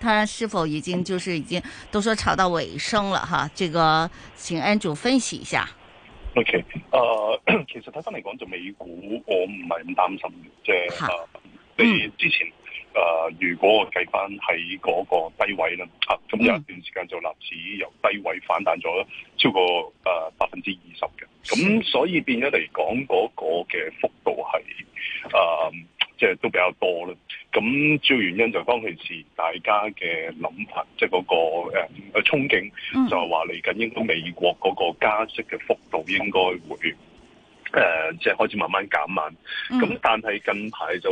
他是否已經就是已經都說炒到尾聲了哈？這個請 Andrew 分析一下。OK，呃，其實睇翻嚟講，就美股我唔係咁擔心，即係，嗯，你之前，誒，如果我計翻喺嗰個低位咧，啊，咁有一段時間就立時由低位反彈咗超過誒百分之二十嘅，咁所以變咗嚟講嗰個嘅幅度係，誒，即係都比較多咧。咁主要原因就係當其時大家嘅諗法，即係嗰個誒、呃、憧憬，就係話嚟緊應該美國嗰個加息嘅幅度應該會誒，即係開始慢慢減慢。咁但係近排就。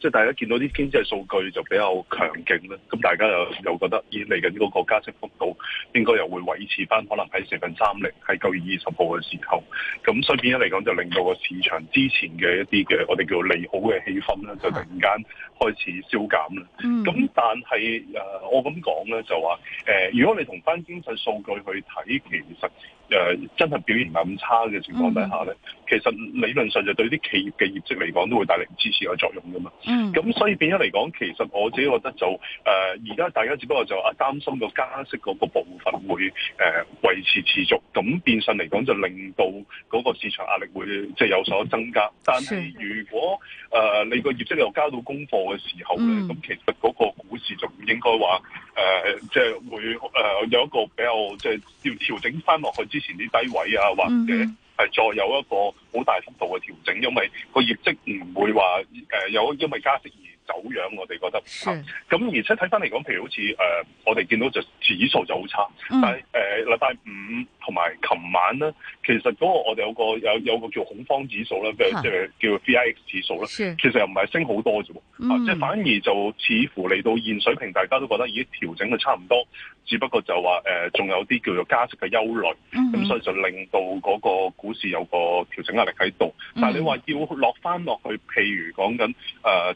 即係大家見到啲經濟數據就比較強勁咧，咁大家又又覺得以嚟緊呢個國家息幅度應該又會維持翻，可能喺四分三零，喺九月二十號嘅時候，咁所以變咗嚟講就令到個市場之前嘅一啲嘅我哋叫做利好嘅氣氛咧，就突然間開始消減啦。咁但係誒，我咁講咧就話誒、呃，如果你同翻經濟數據去睇，其實。誒、呃、真係表現唔係咁差嘅情況底下咧，其實理論上就對啲企業嘅業績嚟講都會帶嚟支持嘅作用㗎嘛。咁、嗯、所以變咗嚟講，其實我自己覺得就誒而家大家只不過就啊擔心個加息嗰個部分會誒、呃、維持持續，咁變相嚟講就令到嗰個市場壓力會即係、就是、有所增加。是但係如果誒、呃、你個業績又交到功課嘅時候咧，咁、嗯、其實嗰個股市就唔應該話誒即係會誒、呃、有一個比較即係、就是、要調整翻落去之之前啲低位啊，或者係再有一個好大幅度嘅調整，因為個業績唔會話誒有，因為加息而走樣，我哋覺得咁，而且睇翻嚟講，譬如好似、呃、我哋見到就指數就好差，嗯、但係誒，嗱、呃，禮拜五同埋琴晚咧，其實嗰個我哋有個有有個叫恐慌指數咧，即、就、係、是、叫 VIX 指數咧，其實又唔係升好多啫，即、嗯啊就是、反而就似乎嚟到現水平，大家都覺得已經調整得差唔多，只不過就話仲、呃、有啲叫做加息嘅憂慮，咁、嗯、所以就令到嗰個股市有個調整壓力喺度、嗯。但係你話要落翻落去，譬如講緊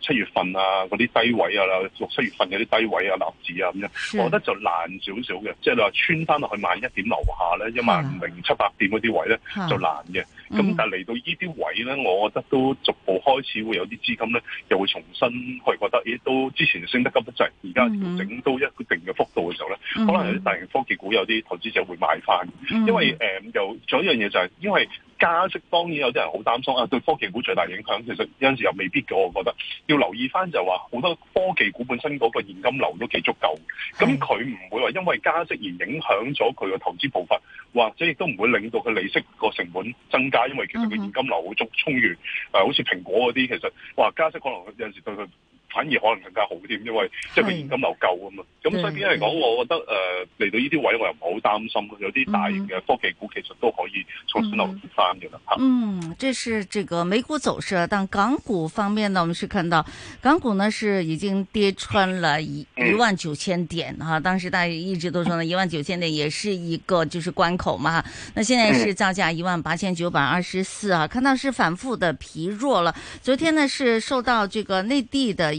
七月份啊。啊，嗰啲低位啊啦，六七月份嗰啲低位啊，納指啊咁樣，我覺得就難少少嘅。即係你話穿翻落去萬一點樓、就是、下咧，一萬零七百點嗰啲位咧，就難嘅。咁、嗯、但係嚟到呢啲位咧，我覺得都逐步開始會有啲資金咧，又會重新去覺得，咦，都之前升得急得滯，而家調整到一定嘅幅度嘅時候咧、嗯，可能有啲大型科技股有啲投資者會買翻、嗯。因為誒，又、呃、仲有，有一樣嘢就係、是、因為。加息當然有啲人好擔心啊，對科技股最大影響其實有陣時又未必嘅，我覺得要留意翻就話好多科技股本身嗰個現金流都幾足夠，咁佢唔會話因為加息而影響咗佢個投資步伐，或者亦都唔會令到佢利息個成本增加，因為其實佢現金流好足充裕。嗯啊、好似蘋果嗰啲其實話加息可能有陣時對佢。反而可能更加好啲，因為即係佢現金流夠啊嘛。咁所以嚟講，我覺得誒嚟、呃、到呢啲位，我又唔好擔心。有啲大型嘅科技股其實、嗯嗯、都可以重新樂觀翻嘅啦吓。嗯，這是這個美股走勢，但港股方面呢，我們是看到港股呢是已經跌穿了一萬九千點哈。當時大家一直都說呢，一萬九千點也是一個就是關口嘛。那現在是造價一萬八千九百二十四啊，看到是反覆的疲弱了。昨天呢是受到這個內地的。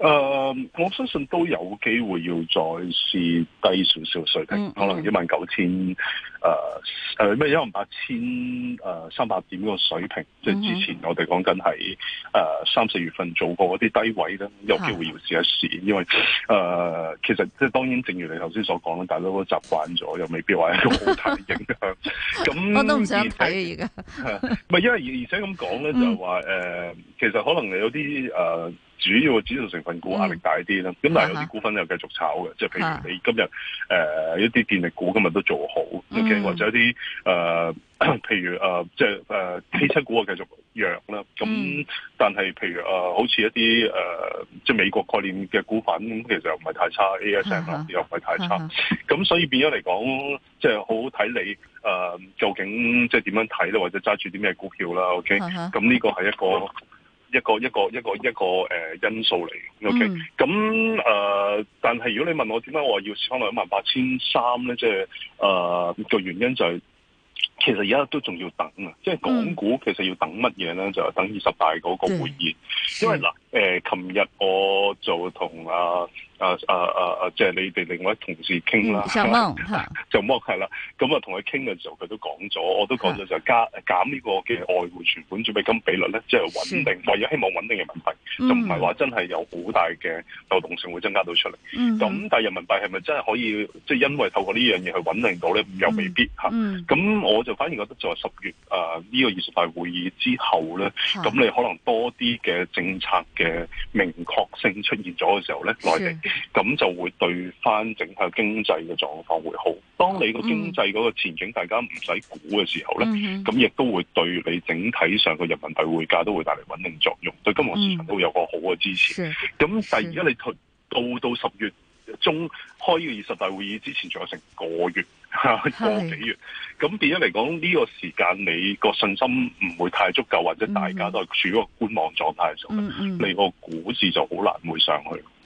誒、uh,，我相信都有機會要再試低少少水平，嗯、可能一萬九千誒誒咩一萬八千誒三百點嗰個水平，即、嗯、係、就是、之前我哋講緊喺誒三四月份做過嗰啲低位咧，有機會要試一試、嗯，因為誒、uh, 其實即係當然，正如你頭先所講啦，大家都習慣咗，又未必話一個好大嘅影響。咁 我都唔想睇啊， 而家唔係，因為而而且咁講咧，就話、是、誒、呃，其實可能你有啲誒。呃主要嘅指數成分股壓力大啲啦，咁、嗯、但係有啲股份又繼續炒嘅，即、嗯、係、就是、譬如你今日誒、呃、一啲電力股今日都做好、嗯 okay? 或者一啲誒、呃、譬如誒即係誒汽車股啊繼續弱啦，咁、嗯嗯、但係譬如誒、呃、好似一啲誒即係美國概念嘅股份，咁其實又唔係太差，A S M 啦又唔係太差，咁所以變咗嚟講，即、就、係、是、好好睇你誒、呃、究竟即係點樣睇咧，或者揸住啲咩股票啦，O K，咁呢個係一個。一個一個一個一個、呃、因素嚟，OK，咁、嗯、誒、呃，但係如果你問我點解我話要收翻兩萬八千三咧，即係誒個原因就係其實而家都仲要等啊，即、就、係、是、港股其實要等乜嘢咧，就係、是、等二十大嗰個會議，嗯、因為嗱。誒、呃，琴日，我就同阿阿阿阿阿，即、啊、係、啊啊啊就是、你哋另外一同事傾啦，就摸吓，就係啦。咁啊，同佢傾嘅時候，佢都講咗，我都講咗就加減呢個嘅外匯存款準備金比率咧，即係穩定，唯有希望穩定嘅人民幣，就唔係話真係有好大嘅流動性會增加到出嚟。咁、嗯、但係人民幣係咪真係可以，即、就、係、是、因為透過呢樣嘢去穩定到咧，又未必吓。咁、嗯、我就反而覺得就十月啊呢、呃這個二十大會議之後咧，咁你可能多啲嘅政策，嘅明確性出現咗嘅時候咧，內地咁就會對翻整體經濟嘅狀況會好。當你個經濟嗰個前景，大家唔使估嘅時候咧，咁、嗯、亦都會對你整體上嘅人民幣匯價都會帶嚟穩定作用，嗯、對金融市場都有個好嘅支持。咁但係而家你到到十月中開呢個二十大會議之前，仲有成個月。 個幾月，咁變咗嚟講呢個時間，你個信心唔會太足夠，或者大家都係處於個觀望狀態嘅時候，嗯嗯你個股市就好難會上去。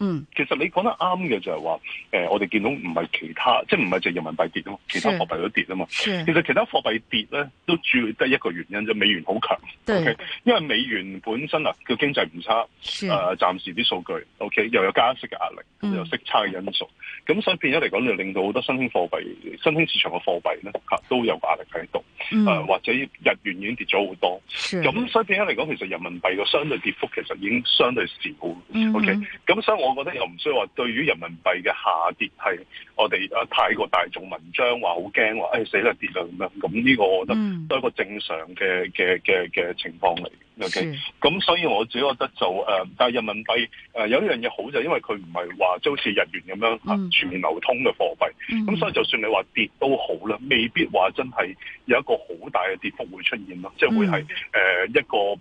嗯，其實你講得啱嘅就係話，誒、呃，我哋見到唔係其他，即係唔係淨係人民幣跌啊，其他貨幣都跌啊嘛。其實其他貨幣跌咧，都主要得一個原因就美元好強。Okay? 因為美元本身啊，叫經濟唔差，誒、呃，暫時啲數據。Okay，又有加息嘅壓力，嗯，又息差嘅因素。咁、嗯、所以變咗嚟講，就令到好多新興貨幣、新興市場嘅貨幣咧，吓、啊、都有壓力喺度。誒、嗯啊，或者日元已經跌咗好多。咁所以變咗嚟講，其實人民幣嘅相對跌幅其實已經相對少。O K，咁所以我。我覺得又唔需要話對於人民幣嘅下跌係我哋啊太過大做文章，話好驚話死啦跌啦咁樣，咁呢個我覺得都係一個正常嘅嘅嘅嘅情況嚟嘅。O K，咁所以我自己覺得就、呃、但係人民幣、呃、有一樣嘢好就係、因為佢唔係話即好似日元咁樣、嗯、全面流通嘅貨幣，咁、嗯、所以就算你話跌都好啦，未必話真係有一個好大嘅跌幅會出現咯，即、就、係、係、會係、嗯呃、一個。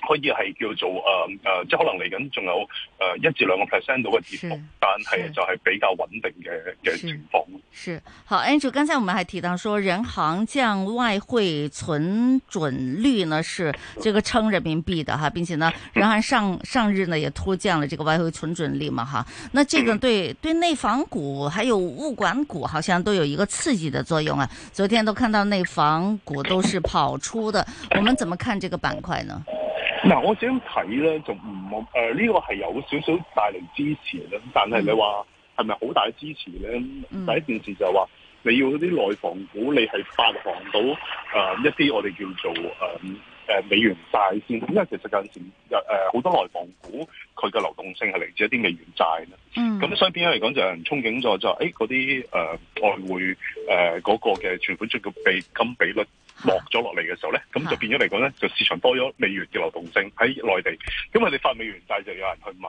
可以係叫做誒誒、呃，即可能嚟緊仲有誒一至兩個 percent 到嘅跌幅，但係就係比較穩定嘅嘅情況。是好，Andrew，剛才我們還提到說，人行降外匯存準率呢，是這個撐人民幣的哈、啊。並且呢，人行上上日呢也突降了這個外匯存準率嘛哈、啊。那這個對對內房股還有物管股好像都有一個刺激的作用啊。昨天都看到內房股都是跑出的， 我們怎麼看這個板塊呢？嗱，我想睇咧，就唔誒呢個係有少少帶嚟支持啦。但係你話，係咪好大嘅支持咧、嗯？第一件事就話、是，你要啲內房股，你係發行到誒、呃、一啲我哋叫做誒、呃、美元債先，因為其實近時日誒好多內房股。佢嘅流動性係嚟自一啲美元債，咁所以變咗嚟講就有人憧憬咗就，誒嗰啲誒外匯誒嗰、呃嗰個嘅存款出嘅備金比率落咗落嚟嘅時候咧，咁、啊、就變咗嚟講咧就市場多咗美元嘅流動性喺內地，咁佢哋發美元債就有人去買，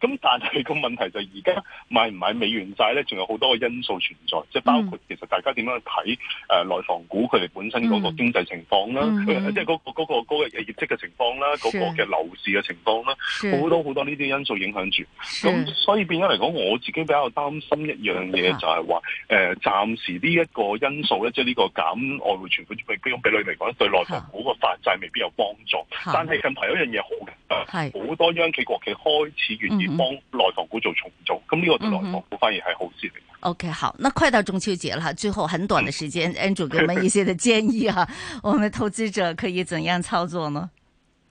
咁但係個問題就而家買唔買美元債咧，仲有好多個因素存在，即、嗯、係包括其實大家點樣睇誒、呃、內房股佢哋本身嗰個經濟情況啦，即係嗰個嗰、嗰個嗰、嗰個業績嘅情況啦，嗰、嗰個嘅樓市嘅情況啦，好多好多。呢啲因素影響住，咁所以變咗嚟講，我自己比較擔心一樣嘢就係話，誒，暫時呢一個因素咧，即係呢個減外匯存款準備金比率嚟講，對內房股個發債未必有幫助。是但係近排有一樣嘢好嘅，係好多央企國企開始願意幫內房股做重組。咁呢個對內房股反而係好事嚟。OK，好，那快到中秋節啦，最後很短嘅時間、嗯、，Andrew，給我們一些的建議啊， 我們投資者可以怎樣操作呢？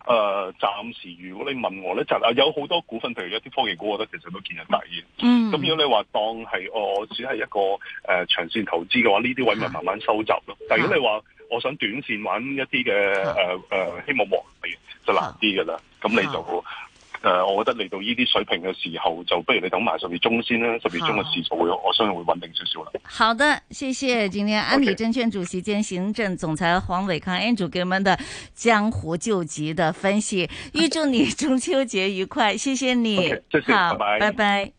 誒、呃，暫時如果你問我咧，就啊有好多股份，譬如一啲科技股，我覺得其實都見得大嘅。嗯，咁如果你話當係、哦、我只係一個誒、呃、長線投資嘅話，呢啲位咪慢慢收集咯、嗯。但如果你話我想短線玩一啲嘅誒，希望獲利就難啲㗎啦。咁、嗯、你就好～、嗯 Uh，我覺得嚟到呢啲水平嘅時候，就不如你等埋十月中先啦。十月中嘅時候會，我相信會穩定少少啦。好的，謝謝今天安理證券主席兼行政總裁黃偉康 Andrew 給我們的江湖救急的分析。預祝你中秋節愉快，okay. 謝謝你，okay, 謝謝好，拜拜。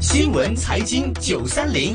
新聞財經九三零。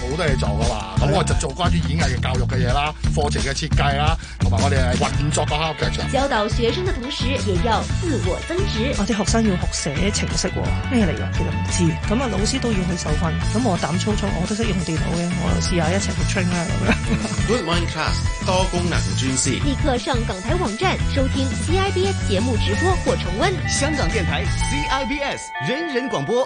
好多嘢做噶嘛，咁我就做關於演藝嘅教育嘅嘢啦，課程嘅設計啦，同埋我哋係運作個教學。教導學生嘅同時，亦要自我增值。啊，啲學生要學寫程式，啊，咩嚟噶？其實唔知。咁啊，老師都要去受訓。咁我膽粗粗，我都識用電腦嘅，我試下一齊去 train 啦。Good mind class 多功能專師。立刻上港台網站收聽 CIBS 節目直播或重溫。香港電台 CIBS 人人廣播。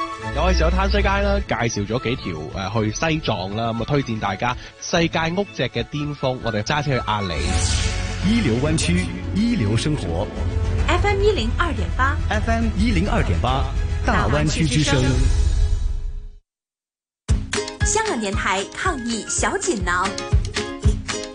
有時候歎世界啦，介紹咗幾條誒去西藏啦，咁啊推薦大家世界屋脊嘅巔峰，我哋揸車去阿里。一流灣區，一流生活。F M 一零二點八。F M 一零二點八，大灣區之聲。香港電台抗疫小錦囊。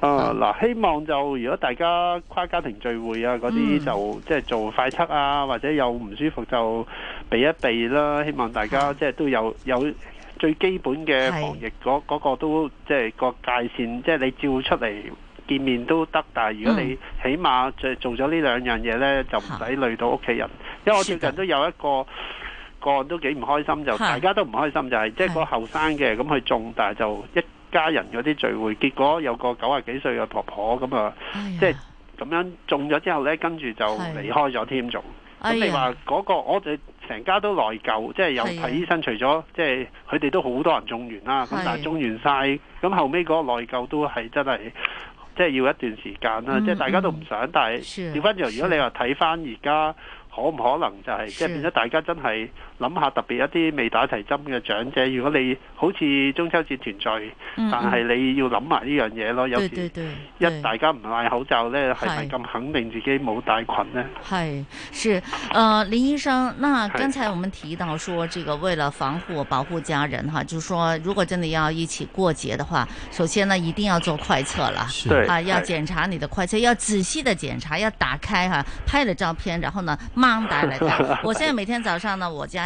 啊、嗯、嗱、呃，希望就如果大家跨家庭聚會啊嗰啲，那些就、嗯、即係做快測啊，或者有唔舒服就避一避啦。希望大家即係都有有最基本嘅防疫，嗰嗰、那個都即係個界線。即係你照出嚟見面都得，但係如果你起碼就做咗呢兩樣嘢咧，就唔使累到屋企人。因為我最近都有一個個案都幾唔開心就，就大家都唔開心、就是是，就係即係個後生嘅咁去重大就一。家人嗰啲聚會，結果有個九十幾歲嘅婆婆咁啊，即係咁樣中咗之後呢，跟住就離開咗添仲。咁、哎、你話嗰個，我哋成家都內疚，即、哎、係、就是、有睇醫生，哎、除咗即係佢哋都好多人中完啦，咁但係中完晒，咁後尾嗰個內疚都係真係，即、就、係、是、要一段時間啦。即、嗯、係、就是、大家都唔想，嗯、但係調翻轉，如果你話睇翻而家，可唔可能就係即係變咗大家真係？諗下特別一啲未打齊針嘅長者，如果你好似中秋節團聚，嗯嗯，但係你要諗下呢樣嘢咯。有時一大家唔戴口罩呢，係咪咁肯定自己冇帶菌呢？係，是，呃，林醫生，那剛才我們提到說，這個為了防護保護家人，哈，就是說，如果真的要一起過節的話，首先呢一定要做快測啦，啊，要檢查你的快測，要仔細的檢查，要打開哈，拍了照片，然後呢，孭埋嚟戴。我現在每天早上呢，我家。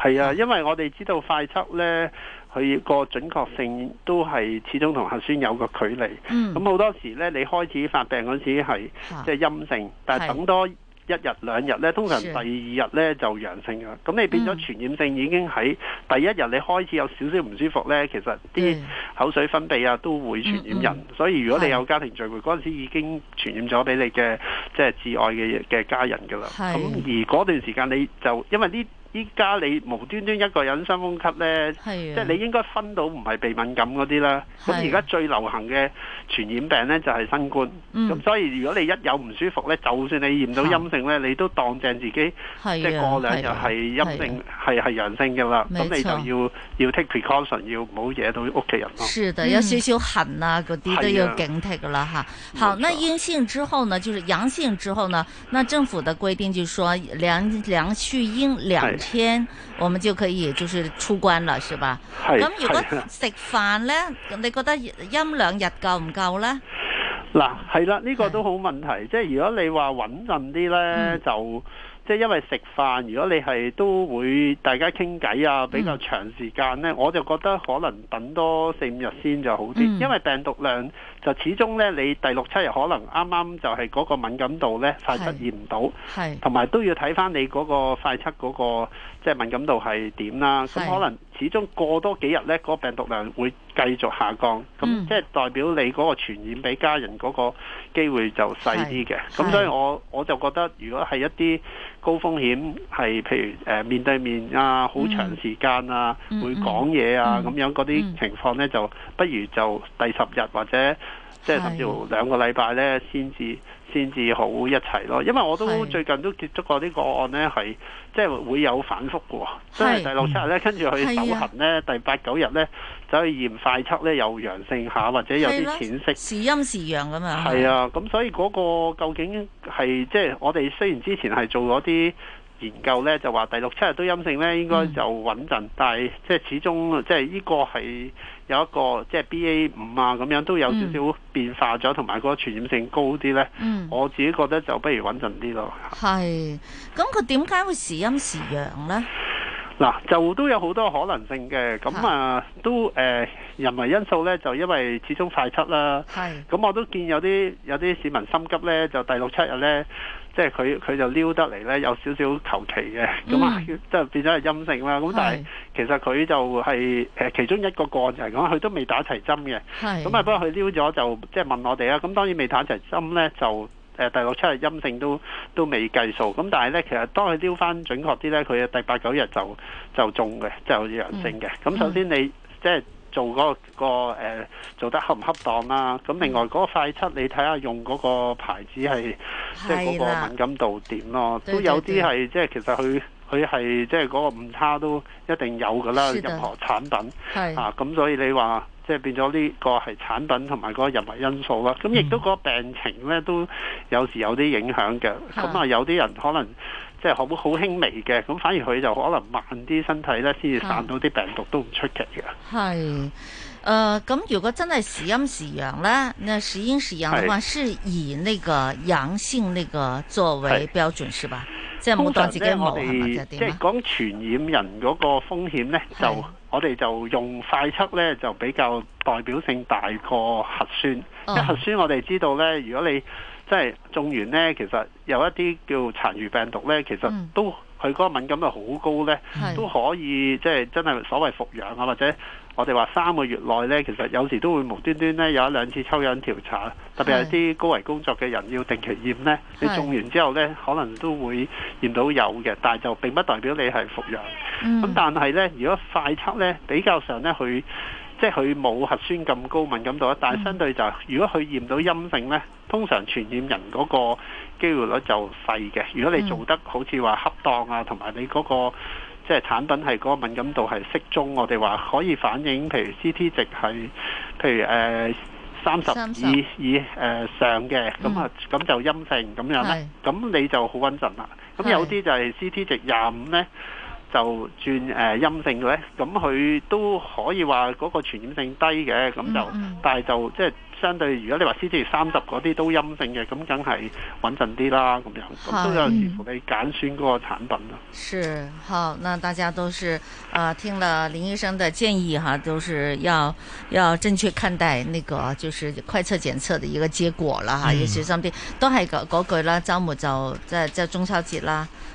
係啊，因為我哋知道快測呢，佢個準確性都係始終同核酸有個距離。嗯。咁好多時呢，你開始發病嗰陣時係即係陰性，啊、但係等多一日兩日呢，通常第二日呢就陽性㗎。咁你變咗傳染性已經喺第一日你開始有少少唔舒服呢，其實啲口水分泌啊都會傳染人、嗯嗯。所以如果你有家庭聚會嗰陣時已經傳染咗俾你嘅即係至愛嘅嘅家人㗎啦。係。咁而嗰段時間你就因為呢？依家你無端端一個人傷風咳咧、啊，即係你應該分到唔係鼻敏感嗰啲啦。咁而家最流行嘅傳染病咧就係新冠。咁、嗯、所以如果你一有唔舒服咧，就算你驗到陰性咧、啊，你都當正自己是、啊、即係過兩日又係陰性，係係陽性㗎啦。咁、啊、你就要、啊、要 take precaution，要唔好惹到屋企人。是的，有少少痕啊，嗰啲都要警惕啦嚇、啊。好，那陰性之後呢，就是陽性之後呢？那政府的規定就是說，兩兩篩陰兩天，我們就可以就是出關了，是吧？咁如果食飯咧，你覺得陰兩日夠唔夠咧？嗱，係啦，呢個都好問題，即係如果你話穩陣啲咧，就。即係因為食飯，如果你係都會大家傾偈啊，比較長時間呢、嗯，我就覺得可能等多四五日先就好啲、嗯，因為病毒量就始終呢，你第六七日可能啱啱就係嗰個敏感度呢，快測驗唔到，同埋都要睇翻你嗰個快測嗰、嗰個即係、即係、敏感度係點啦。咁可能始終過多幾日呢，嗰、嗰個病毒量會繼續下降，咁、嗯、即係代表你嗰個傳染俾家人嗰個機會就細啲嘅。咁所以我我就覺得，如果係一啲高風險係譬如誒面對面啊，好長時間啊，嗯、會講嘢啊，咁、嗯、樣嗰啲情況呢，嗯、就不如就第十日或者即係甚至乎兩個禮拜呢，先至先至好一齊咯。因為我都最近都接觸過啲個案呢，係即係會有反覆喎。即係第六七日呢，跟住去走痕呢，啊、第八九日呢。所以驗快測咧，有陽性下或者有啲淺色是，時陰時陽咁啊！係啊，咁所以嗰個究竟係即係我哋雖然之前係做咗啲研究咧，就話第六七日都陰性咧，應該就穩陣、嗯，但係即係始終即係呢個係有一個即係 B A 五啊咁樣都有少少變化咗，同、嗯、埋個傳染性高啲咧、嗯。我自己覺得就不如穩陣啲咯。係，咁佢點解會時陰時陽咧？嗱，就都有好多可能性嘅，咁啊都誒，人為因素咧，就因為始終快測啦。係。咁我都見有啲有啲市民心急咧，就第六七日咧，即係佢佢就撩得嚟咧，有少少求其嘅，咁啊，即係變咗係陰性啦。咁但係其實佢就係誒其中一個個案就係講，佢都未打齊針嘅。係。咁啊，不過佢撩咗就即係問我哋啊，咁當然未打齊針咧就。誒第六七日陰性都都未計數，咁但係咧，其實當佢丟翻準確啲咧，佢嘅第八九日就就中嘅，就陽性嘅。咁、嗯、首先你即係、嗯即係、做嗰、嗰個、嗰個、做得恰唔恰當啦？咁另外嗰個快測，你睇下用嗰個牌子係即係嗰個敏感度點咯？都有啲係即係其實佢佢係即係嗰個誤差都一定有㗎啦，任何產品係啊，咁所以你話。即係變咗呢個係產品同埋嗰個人為因素啦，咁亦都嗰病情咧都有時有啲影響嘅。咁啊，有啲人可能即係好好輕微嘅，咁反而佢就可能慢啲，身體咧先至散到啲病毒都唔出奇嘅、嗯。係，誒、呃，咁如果真係時陰時陽咧，嗱時陰時陽嘅話，是以呢個陽性呢個作為標準是吧？即係冇多幾間冇，即係講傳染人嗰個風險咧就。我哋就用快測呢，就比較代表性大過核酸。Oh. 因為核酸我哋知道呢，如果你即係種完呢，其實有一啲叫殘餘病毒呢，其實都佢嗰、mm. 個敏感度好高呢，都可以即係、就是、真係所謂復養啊或者。我哋話三個月內呢，其實有時都會無端端呢，有一兩次抽樣調查，特別係啲高危工作嘅人要定期驗呢，你中完之後呢，可能都會驗到有嘅，但係就並不代表你係復陽。咁、嗯嗯、但係呢，如果快測呢，比較上呢，佢即係佢冇核酸咁高敏感度。但係相對就係嗯，如果佢驗到陰性呢，通常傳染人嗰個機會率就細嘅。如果你做得好似話恰當啊，同埋你嗰、嗰個。即係產品係嗰個敏感度係適中，我哋話可以反映，譬如 CT 值係譬如誒三十二以以誒上嘅，咁啊咁就陰性咁樣咧，咁你就好穩陣啦。咁有啲就係 CT 值廿五呢，就轉誒、呃、陰性咧，咁佢都可以話嗰個傳染性低嘅，咁就、嗯嗯、但係就即係。相對，如果你話 C T 三十嗰啲都陰性嘅，咁梗係穩陣啲啦，咁樣咁都有視乎你揀選嗰個產品啦。是，好，那大家都是啊、呃，聽了林醫生的建議哈、啊，都是要要正確看待那個，就是快測檢測的一個結果啦嚇，要小心啲。都係嗰句啦，周末就即係即係中秋節啦。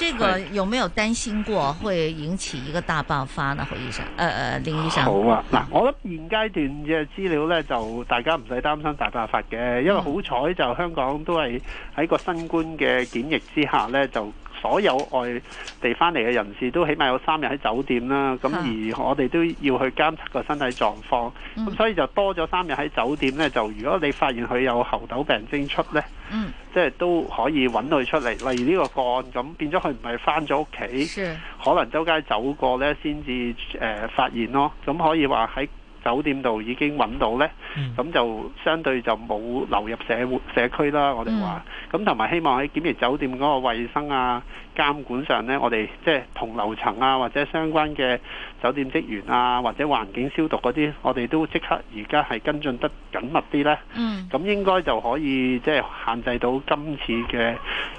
這個有沒有擔心過會引起一個大爆發呢？何醫生，誒、呃、誒、呃，林醫生，好啊。嗱，我諗現階段嘅資料咧，就大家唔使擔心大爆發嘅，因為好彩就香港都係喺個新冠嘅檢疫之下咧，就。所有外地翻嚟嘅人士都起碼有三日喺酒店啦，咁而我哋都要去監測個身體狀況，咁所以就多咗三日喺酒店咧。就如果你發現佢有喉痛病徵出咧、嗯，即係都可以揾佢出嚟。例如呢個個案咁，變咗佢唔係翻咗屋企，可能周街走過咧先至誒發現咯。咁可以話喺，酒店度已經揾到咧，咁、嗯、就相對就冇流入社會社區啦。我哋話，咁同埋希望喺檢疫酒店嗰個衛生啊監管上咧，我哋即係同樓層啊或者相關嘅酒店職員啊或者環境消毒嗰啲，我哋都即刻而家係跟進得緊密啲咧。咁、嗯、應該就可以即係限制到今次嘅，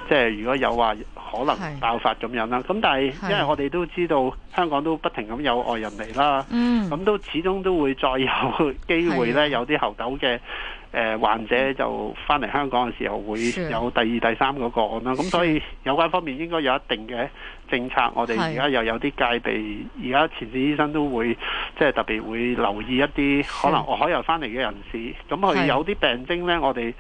即係如果有話。可能爆發咁樣啦，咁但係因為我哋都知道香港都不停咁有外人嚟啦，咁、嗯、都始終都會再有機會呢。有啲猴痘嘅、呃、患者就翻嚟香港嘅時候會有第二、第三個個案啦，咁所以有關方面應該有一定嘅政策，我哋而家又有啲戒備，而家前線醫生都會即係、就是、特別會留意一啲可能外海遊翻嚟嘅人士，咁佢有啲病徵呢，我哋。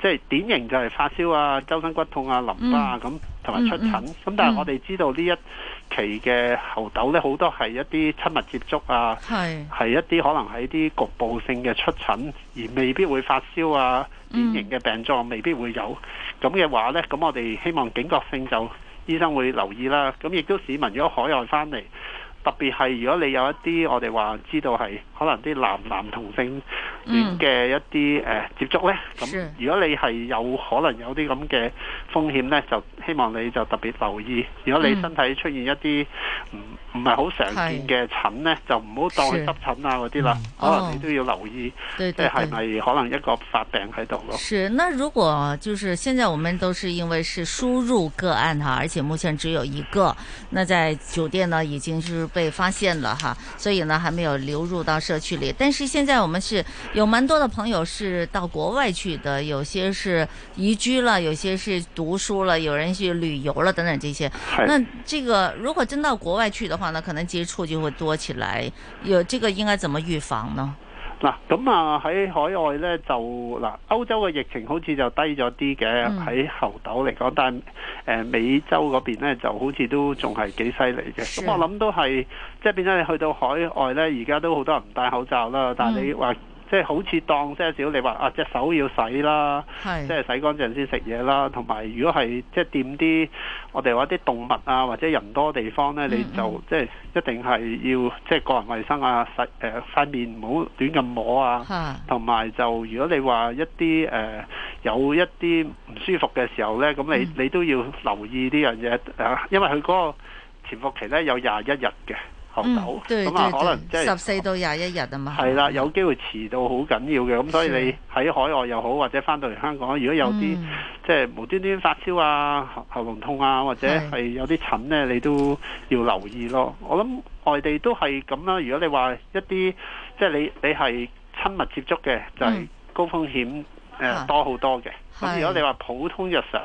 即係典型就係發燒啊、周身骨痛啊、淋巴咁、啊、同、嗯、埋出疹。咁、嗯、但係我哋知道呢一期嘅猴痘呢，好、嗯、多係一啲親密接觸啊，係一啲可能係啲局部性嘅出疹，而未必會發燒啊、嗯，典型嘅病狀未必會有。咁嘅話呢，咁我哋希望警覺性就醫生會留意啦。咁亦都市民如果海外翻嚟。特別係如果你有一啲我哋話知道係可能啲男男同性戀嘅一啲、嗯呃、接觸呢，咁如果你係有可能有啲咁嘅風險呢，就希望你就特別留意。如果你身體出現一啲唔，嗯嗯唔係好常見嘅疹呢，就唔好當係濕疹啊嗰啲啦。哦，嗯、可能你都要留意、哦，即係係咪可能一個發病喺度咯？是，那如果就是現在，我們都是因為是輸入個案哈，而且目前只有一個，那在酒店呢已經是被發現了哈，所以呢還沒有流入到社區裏，但是現在我們是有蠻多的朋友是到國外去的，有些是移居了，有些是讀書了，有人去旅遊了等等這些。那這個如果真到國外去的，可能接觸就會多起來，有這個應該怎麼預防呢？嗱，咁啊喺海外咧就，嗱，歐洲嘅疫情好似就低咗啲嘅，喺、嗯、猴斗嚟講，但誒、呃、美洲嗰邊咧就好似都仲係幾犀利嘅。咁我諗都係即係，就是、變咗你去到海外咧，而家都好多人唔戴口罩啦、嗯。但係你話。即係好似當些少你話啊隻手要洗啦，即係洗乾淨先食嘢啦。同埋如果係即係掂啲我哋話啲動物啊或者人多地方呢，你就即係一定係要即係個人衛生啊，洗、呃、塊面唔好亂咁摸啊。同埋就如果你話一啲、呃、有一啲唔舒服嘅時候呢，咁你、嗯、你都要留意呢樣嘢啊，因為佢嗰個潛伏期呢，有廿一日嘅。嗯，對對對，十四、即係、到廿一日啊嘛，係啦，有機會遲到好緊要嘅，咁所以你喺海外又好，或者翻到嚟香港，如果有啲即係無端端發燒啊、喉喉嚨痛啊，或者係有啲疹咧，你都要留意咯。我諗外地都係咁啦，如果你話一啲即係你你係親密接觸嘅，就係、係、高風險誒、嗯呃啊、多好多嘅。咁如果你話普通日常，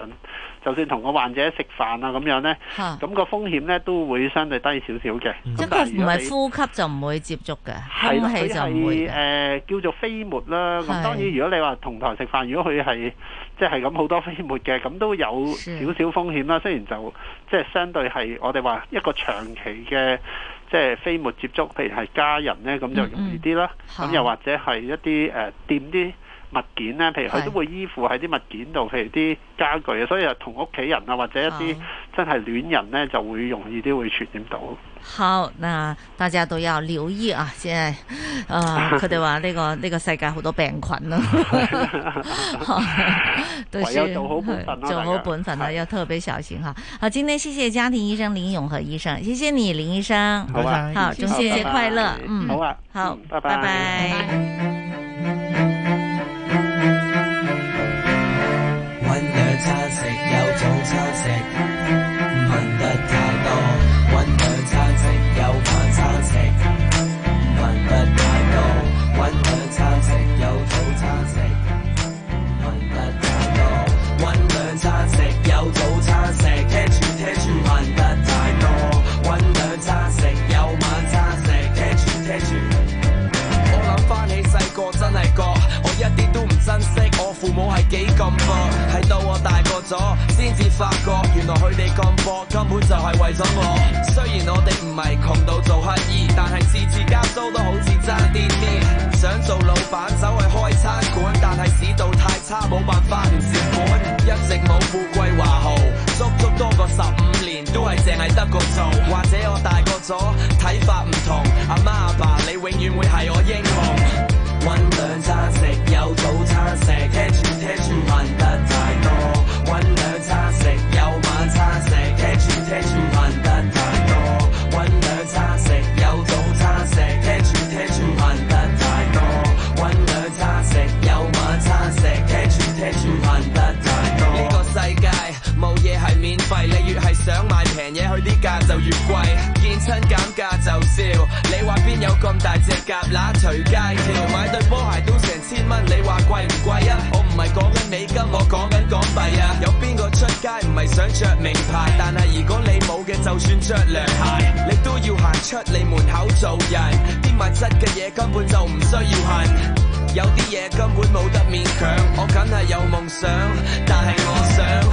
就算同個患者食飯啊咁樣呢，咁個風險呢都會相對低少少嘅。咁佢唔係呼吸就唔會接觸嘅，係咯係就誒、呃、叫做飛沫啦。咁當然如果你話同台食飯，如果佢係即係咁好多飛沫嘅，咁都有少少風險啦。雖然就即係、就是、相對係我哋話一個長期嘅即係飛沫接觸，譬如係家人呢，咁就容易啲啦。咁、嗯嗯、又或者係一啲誒掂啲。呃物件呢，譬如佢都會依附喺啲物件度，譬如啲家具，啊，所以啊，同屋企人啊，或者一啲真係戀人呢，就會容易啲會傳染到。好，那大家都要留意啊！即係，啊、呃，佢哋話呢個呢 個世界好多病菌咯。 好 都要做好本分啦、啊，做好本分啦、啊，要特別小心哈、啊！好，今天謝謝家庭醫生林永和醫生，謝謝你林醫生。好啊，好，中秋節快樂！嗯，好啊、嗯，好，拜拜。拜拜嗯。到我大個咗，先至發覺原來佢哋咁搏根本就係為咗我。雖然我哋唔係窮到做乞兒，但係次次交租都好似爭啲啲。想做老闆走去開餐館，但係市道太差，冇辦法唔蝕本。一直冇富貴華豪，足足多過十五年，都係淨係得個做。或者我大個咗，睇法唔同。阿媽阿爸，你永遠會係我英雄。揾兩餐食，有早餐食，聽住聽住還得。就越貴，見親減價就笑。你話邊有咁大隻夾乸隨街跳，買對波鞋都成千蚊，你話貴唔貴啊？我唔係講緊美金，我講緊港幣啊。有邊個出街唔係想着名牌，但係如果你冇嘅，就算着涼鞋，你都要行出你門口做人。啲物質嘅嘢，根本就唔需要恨，有啲嘢根本冇得勉強。我梗係有夢想，但係我想。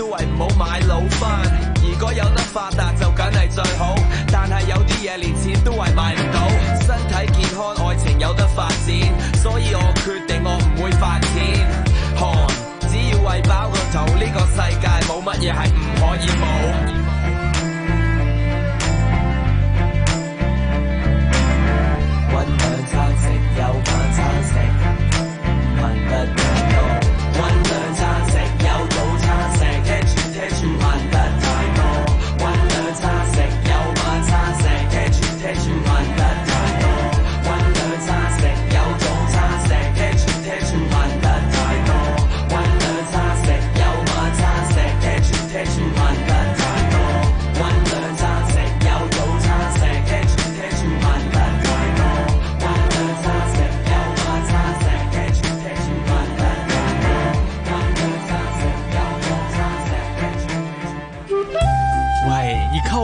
都為唔好買老翻，如果有得發達就梗係最好。但係有啲嘢連錢都為買唔到，身體健康、愛情有得發展，所以我決定我唔會發展。只要喂飽個肚，呢個世界冇乜嘢係唔可以冇。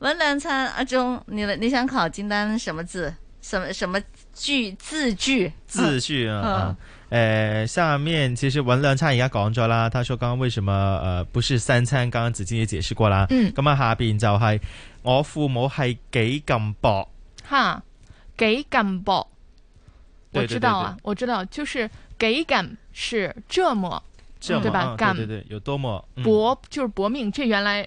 文良餐阿忠，你你想考金丹什麼字？什麼什麼句字句字句啊？呃、嗯嗯，下面其實文良餐已經講咗啦，他說剛剛為什麼呃不是三餐？剛剛子靜也解釋過啦。嗯。咁啊，下邊就係我父母係幾咁搏？哈，幾咁搏？我知道啊，對對對我知道，就是幾咁是這麼，這麼，對吧、啊？對對對，有多麼搏、嗯、就是搏命，這原來。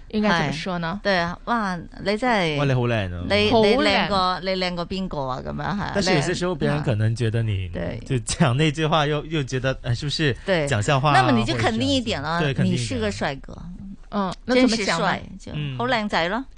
應該怎麼說呢？Hi, 對啊，哇，你真係，哇，你好靚，嗯、啊，你你靚過你靚過邊個啊？咁樣係，但是有些時候別人可能覺得你，對，啊，就講那句話又又覺得哎是不是對講笑話，啊？那麼你就肯定一點啦，你是個帥哥，嗯、哦，那怎麼講帥，就好靚仔咯。嗯嗯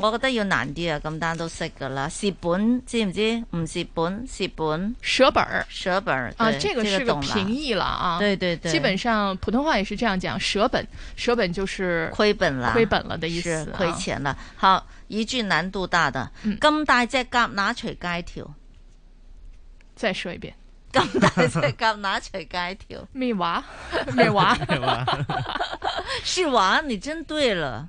我覺得要難啲啊，咁單都識㗎喇，蝕本知唔知？唔蝕本，蝕本，本，捨本，捨本啊，這個是個便宜了啊，對對對，基本上普通話也是這樣講，捨本，捨本就是虧本啦，虧本了的意思啊，虧錢了。好，一句難度大嘅，咁大隻蛤乸隨街跳，再說一遍，咁大隻蛤乸隨街跳，咩話咩話？係話，你真對了。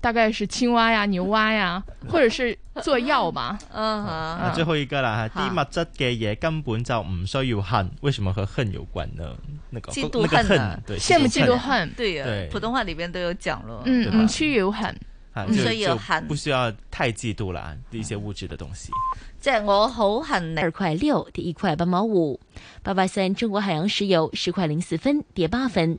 大概是青蛙呀、牛蛙呀，或者是做藥吧、嗯啊啊啊。最後一個啦，哈、啊！啲物質嘅嘢根本就唔需要恨，為什麼和恨有關呢？那個嫉妒，啊那個、嫉妒恨，對，羨慕嫉妒恨，對呀。普通話裏邊都有講咯。嗯嗯，去有恨，唔需要恨，不需要太嫉妒啦。一些物質的東西，即係我好恨。二塊六第一塊八毛五，八八三中國海洋石油十塊零四分跌八分。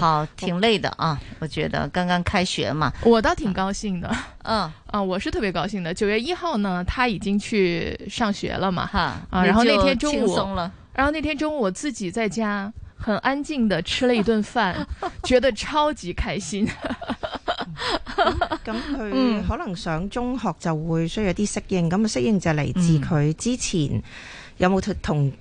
好，挺累的啊！我覺得剛剛開學嘛，我倒挺高興的。嗯啊，啊，我是特別高興的。九月一號呢，他已經去上學了嘛。哈啊，然後那天中午輕鬆了，然後那天中午我自己在家很安靜的吃了一頓飯， 覺得超級開心。咁 佢、嗯、可能上中學就會需要啲適應，咁、嗯、啊、嗯、適應就嚟自佢之前有冇同。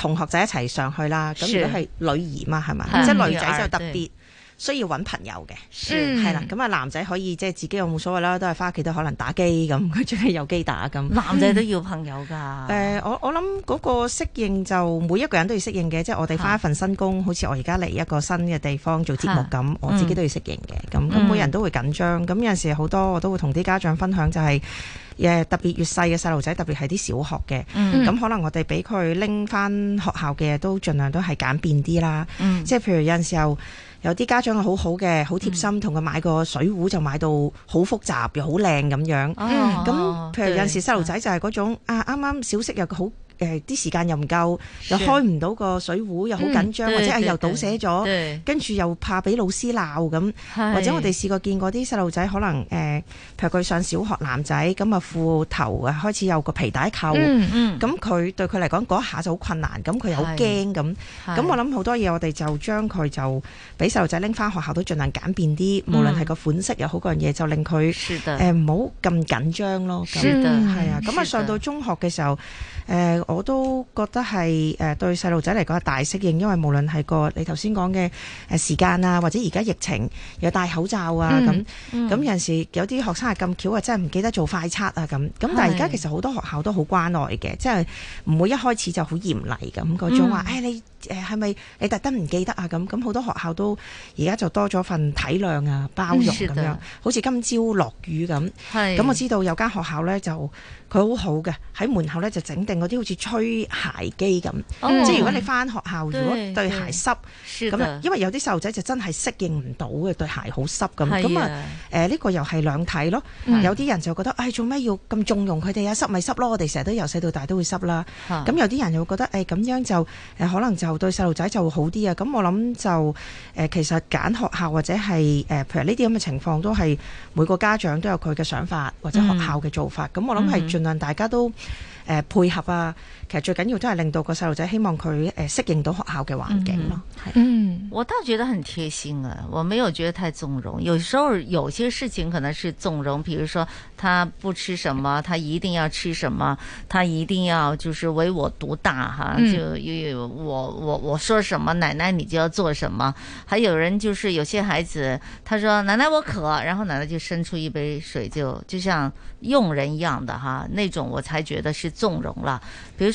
同學仔一齊上去啦，咁如果係女兒嘛係咪、嗯？即係女仔就特別需要揾朋友嘅，係啦。咁啊、嗯、男仔可以即係自己又冇所謂啦，都係翻屋企都可能打機咁，佢最緊有機打咁。男仔都要朋友㗎。誒、嗯呃，我我諗嗰個適應就每一個人都要適應嘅，即係我哋翻一份新工，好似我而家嚟一個新嘅地方做節目咁，我自己都要適應嘅。咁、嗯、咁每人都會緊張。咁有陣時好多我都會同啲家長分享、就係，就係。誒、yeah, 特別越細嘅細路仔，特別係啲小學嘅，咁、嗯、可能我哋俾佢拎翻學校嘅都盡量都係簡便啲啦。嗯、即係譬如有時候有啲家長係好好嘅，好貼心，同、嗯、佢買個水壺就買到好複雜又好靚咁樣。咁、嗯嗯、譬如有時細路仔就係嗰種啊，啱啱小息又好。誒啲時間又唔夠，又開唔到個水壺，又好緊張、嗯，或者係又倒瀉咗，跟住又怕俾老師鬧咁，或者我哋試過見過啲細路仔，可能誒、呃，譬如佢上小學男仔咁啊，褲頭啊開始有個皮帶扣，咁、嗯、佢、嗯、對佢嚟講嗰下就好困難，咁佢又好驚咁，咁我諗好多嘢，我哋就將佢就俾細路仔拎翻學校都盡量簡便啲、嗯，無論係個款式又好嗰樣嘢，就令佢誒唔好咁緊張咯。係啊，咁啊上到中學嘅時候。誒、呃、我都覺得係誒、呃、對細路仔嚟講係大適應，因為無論係個你頭先講嘅誒時間啊，或者而家疫情又戴口罩啊，咁、嗯、咁、嗯、有陣時有啲學生係咁巧啊，真係唔記得做快測啊咁。咁但係而家其實好多學校都好關愛嘅，即係唔會一開始就好嚴厲咁嗰種話，誒你。誒係咪你特登唔記得啊？咁咁好多學校都而家就多咗份體諒啊、包容咁、嗯、樣。好似今朝落雨咁，咁、嗯、我知道有間學校呢，就佢好好嘅，喺門口呢就整定嗰啲好似吹鞋機咁、嗯，即係如果你翻學校，如果對鞋濕，咁因為有啲細路仔就真係適應唔到嘅，對鞋好濕咁。咁啊誒呢個又係兩體咯。嗯、有啲人就覺得唉，做、哎、咩要咁縱容佢哋啊？濕咪濕咯，我哋成日都由細到大都會濕啦。咁有啲人又覺得誒咁、哎、樣就、呃、可能就。就對細路仔就好啲啊！咁我諗就誒，其實揀學校或者係誒、呃，譬如呢啲咁嘅情況都係每個家長都有佢嘅想法、嗯、或者學校嘅做法。咁我諗係盡量大家都誒、呃、配合啊。其實最緊要都係令到個細路仔，希望佢誒、呃、適應到學校嘅環境咯。嗯，我倒覺得很貼心啊，我沒有覺得太縱容。有時候有些事情可能是縱容，比如說他不吃什麼，他一定要吃什麼，他一定要就是唯我獨大哈、嗯，就我我我說什麼，奶奶你就要做什麼。還有人就是有些孩子，他說奶奶我渴，然後奶奶就伸出一杯水，就就像傭人一樣的哈，那種我才覺得是縱容了。比如，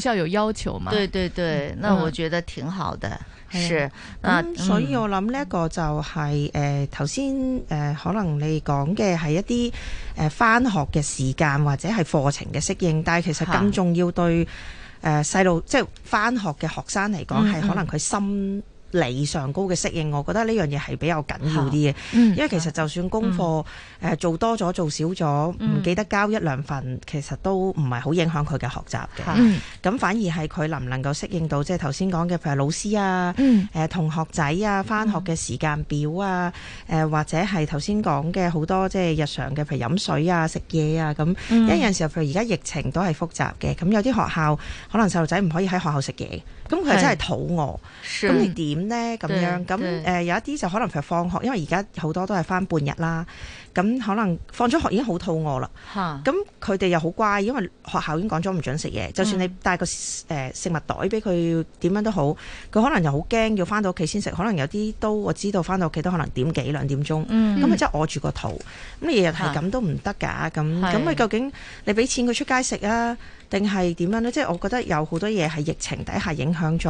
學校有要求嘛？對對對，嗯、那我覺得挺好的。是，是嗯、所以我諗呢個就係誒頭先誒可能你講嘅係一啲誒翻學嘅時間或者係課程嘅適應，但係其實更重要對誒細路即係翻學嘅學生嚟講係可能佢心理想高嘅適應，我覺得呢樣嘢係比較緊要啲嘅、嗯，因為其實就算功課誒、嗯、做多咗、做少咗、唔記得交一兩份，嗯、其實都唔係好影響佢嘅學習嘅。咁、嗯、反而係佢能唔能夠適應到，即係頭先講嘅，譬如老師啊、誒、嗯、同學仔啊、返學嘅時間表啊、誒、嗯、或者係頭先講嘅好多即係日常嘅，譬如飲水啊、食嘢啊咁。因為有陣時候，譬如而家疫情都係複雜嘅，咁有啲學校可能細路仔唔可以喺學校食嘢。咁佢係真係肚餓，咁你點呢？咁樣？咁誒、呃、有一啲就可能譬如放學，因為而家好多都係翻半日啦。咁可能放咗學已經好肚餓啦。咁佢哋又好乖，因為學校已經講咗唔准食嘢，就算你帶個誒食物袋俾佢點樣都好，佢、嗯、可能又好驚要翻到屋企先食。可能有啲都我知道翻到屋企都可能點幾兩點鐘。咁、嗯、佢真係餓住個肚。咁日日係咁都唔得㗎。咁咁佢究竟你俾錢佢出街食啊，定係點樣呢？即係我覺得有好多嘢係疫情底下影響咗，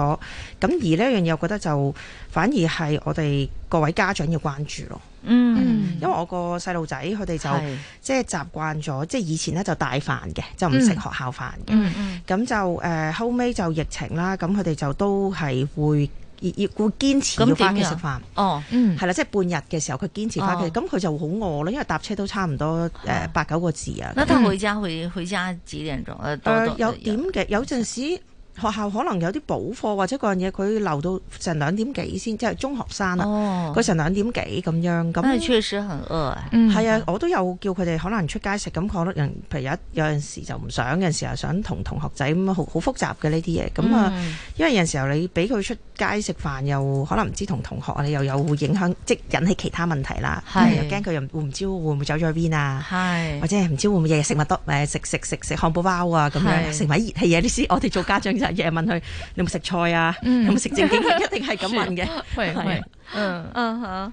咁而呢樣嘢我覺得就反而係我哋各位家長要關注咯。嗯，因為我個細路仔佢哋就即係習慣咗，即係以前咧就帶飯嘅，就唔食學校飯嘅。嗯咁就誒、呃、後尾就疫情啦，咁佢哋就都係會。要要顧堅持要翻屋企食飯，哦，嗯，係啦，即係半日嘅時候佢堅持翻嘅，咁、哦、佢就好餓啦，因為搭車都差唔多誒八九個字啊。那他回家會、嗯、回家幾點鐘？誒、呃，有點嘅、嗯，有陣時。學校可能有啲補課或者嗰樣嘢，佢留到成兩點幾先，即係中學生啦。哦、oh，佢成兩點幾咁樣咁。但係確實很餓、啊。嗯，係啊，我都有叫佢哋可能出街食，咁可能譬如有有陣時候就唔想，有陣時候想同同學仔咁，好好複雜嘅呢啲嘢，咁啊、嗯，因為有陣時候你俾佢出街食飯，又可能唔知同同學啊，你又有會影響，即引起其他問題啦。又驚佢又會唔知會唔會走咗去邊啊？係。或者唔知會唔會日日食麥多誒？食食食食漢堡包啊咁樣，食埋熱氣嘢，你知我哋做家長。 日日問佢你有冇食菜啊，嗯、有冇食正經， 一定係咁問嘅， 喂喂 嗯嗯、uh -huh.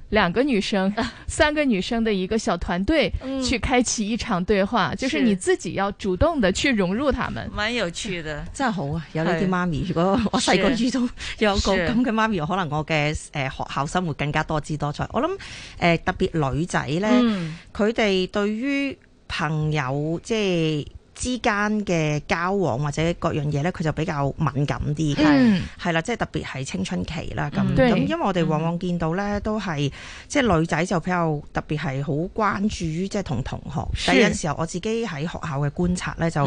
兩個女生，三個女生的一個小團隊，去開啟一場對話，嗯，就是你自己要主動的去融入他們，蠻有趣的，真係好啊！好有呢啲媽咪，如果我細個遇到 有個咁嘅媽咪，可能我嘅誒、呃、學校生活更加多姿多彩。我諗誒、呃，特別女仔呢，佢、嗯、哋對於朋友即係。之間嘅交往或者各樣嘢咧，佢就比較敏感啲，係係啦，即係特別係青春期啦咁。咁、嗯、因為我哋往往見到咧、嗯，都係即係女仔就比較特別係好關注於即係同同學，但係有陣時候我自己喺學校嘅觀察咧，就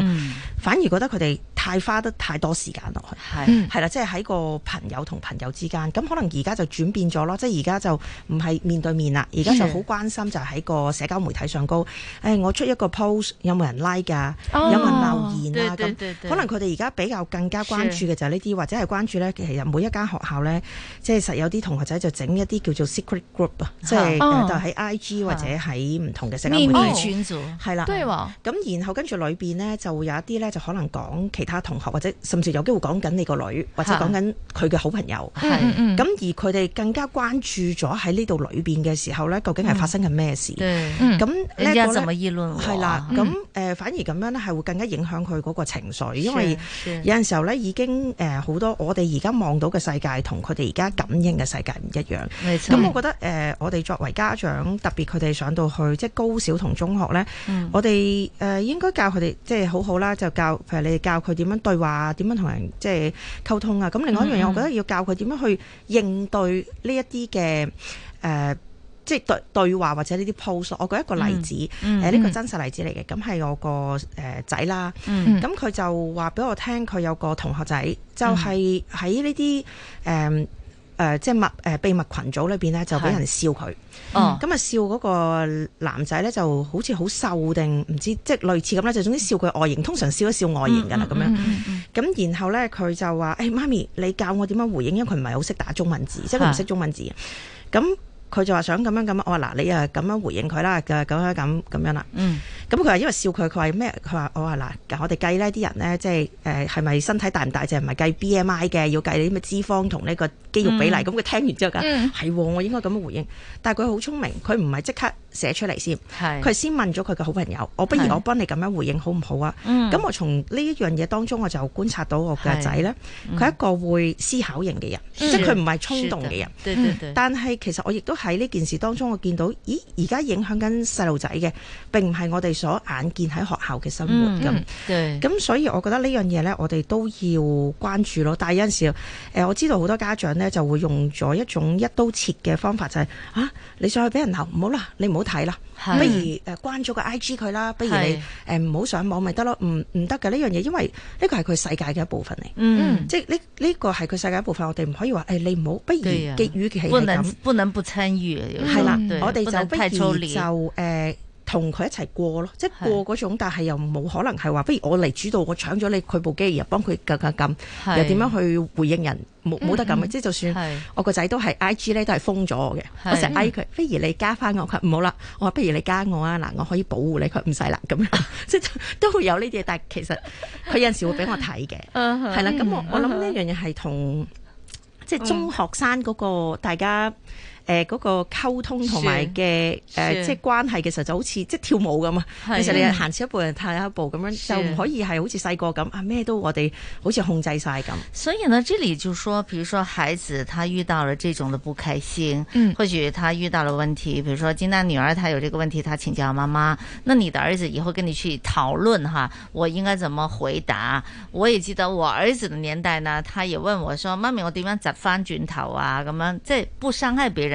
反而覺得佢哋太花得太多時間落去，係係啦，即係喺個朋友同朋友之間。咁、嗯、可能而家就轉變咗咯，即係而家就唔係面對面啦，而家就好關心就喺個社交媒體上高。誒、哎，我出一個 post 有冇人 like 㗎、啊？哦有人留言啊，咁、哦、可能佢哋而家比較更加關注嘅就係呢啲，或者係關注咧，其實每一間學校咧，即係實有啲同學仔就整一啲叫做 secret group 啊，即係就喺 IG 或者喺唔同嘅社交媒體圈咗，係、哦、啦。咁、哦嗯、然後跟住裏邊呢，就會有一啲咧，就可能講其他同學，或者甚至有機會講緊你個女、啊，或者講緊佢嘅好朋友。咁、啊嗯嗯、而佢哋更加關注咗喺呢度裏邊嘅時候咧，究竟係發生緊咩事？咁、嗯嗯、呢一個咧係啦，咁誒、呃嗯、反而咁樣咧係。會更加影響佢嗰個情緒，因為有陣時候咧已經誒好多，我哋而家望到嘅世界同佢哋而家感應嘅世界唔一樣。咁我覺得誒、呃，我哋作為家長，特別佢哋上到去即係高小同中學呢、嗯，我哋誒、呃、應該教佢哋即係好好啦，就教譬如你哋教佢點樣對話啊，點樣同人即係溝通啊。咁另外一樣嘢，我覺得要教佢點樣去應對呢一啲嘅誒。呃即係對對話或者呢啲 pose，我舉一個例子，呢、嗯嗯這個真實例子嚟嘅，咁、嗯、係我個仔啦，咁、嗯、佢就話俾我聽，佢有個同學仔就係喺呢啲即係密誒秘密群組裏面咧，就俾人笑佢，咁啊、嗯、笑嗰個男仔咧就好似好瘦定唔知即係、就是、類似咁咧，就總之笑佢外形，通常笑一笑外形㗎啦咁樣，咁、嗯嗯嗯嗯、然後咧佢就話：誒、哎、媽咪，你教我點樣回應，因為佢唔係好識打中文字，即係佢唔識中文字咁。佢就話想咁樣咁樣，我話嗱你啊咁樣回應佢啦，就咁樣咁咁樣啦。嗯。咁佢話因為笑佢，佢話咩？佢話我話嗱，我哋計呢啲人咧，即係誒係咪身體大唔大隻，唔係計 BMI 嘅，要計你啲脂肪同呢個肌肉比例。咁、嗯、佢聽完之後㗎，係、嗯哦、我應該咁樣回應。但係佢好聰明，佢唔係即刻寫出嚟先，佢先問咗佢嘅好朋友。我不如我幫你咁樣回應好唔好啊？嗯。咁我從呢一樣嘢當中，我就觀察到我嘅仔咧，佢係、嗯、一個會思考型嘅人，是即係佢唔係衝動嘅人。是的對對對，但係其實我亦都。喺呢件事當中，我見到，咦，而家影響緊細路仔嘅，並唔係我哋所眼見喺學校嘅生活咁。咁、嗯、所以我覺得呢樣嘢呢，我哋都要關注咯。但係有陣時，誒，我知道好多家長呢，就會用咗一種一刀切嘅方法，就是，就係啊，你上去俾人鬧，唔好啦，你唔好睇啦。嗯、不如誒關咗個 I G 佢啦，不如你誒唔好上網咪得咯，唔唔得嘅，呢樣嘢，因為呢個係佢世界嘅一部分嚟，嗯，即係呢呢個係佢世界一部分，我哋唔可以話、欸、你唔好，不如寄於其係咁，不能不能不參與係啦，我哋就不就誒同佢一齊過咯，即係過嗰種，是但係又冇可能係話，不如我嚟主導，我搶咗你佢部機，又幫佢咁咁，又點樣去回應人，冇、嗯、冇得咁、嗯。即係就算我個仔都係 IG 咧，都係封咗我嘅，我成日嗌佢，不如你加翻我佢，唔好啦，我話不如你加我啊，嗱，我可以保護你，佢唔使啦，咁樣即係 都會有呢啲嘢，但係其實佢有陣時會俾我睇嘅，係 啦，咁、嗯、我、嗯、我諗呢樣嘢係同即係中學生嗰、嗰個、嗯、大家。誒、呃，嗰、那個溝通同埋嘅誒，即係關係嘅，時候就好似即係跳舞咁啊。其實你行前一步，人踏一步咁樣，就唔可以係好似細個咁啊，咩都我哋好似控制晒咁。所以呢，這裏就說，比如說孩子他遇到了這種的不開心，嗯，或許他遇到了問題，比、嗯、如說今天女兒，他有這個問題，他請教媽媽。那你的兒子以後跟你去討論下，我應該怎麼回答？我也記得我兒子的年代呢，他也問我說：媽咪，我點樣執翻轉頭啊？咁樣即係不傷害別人。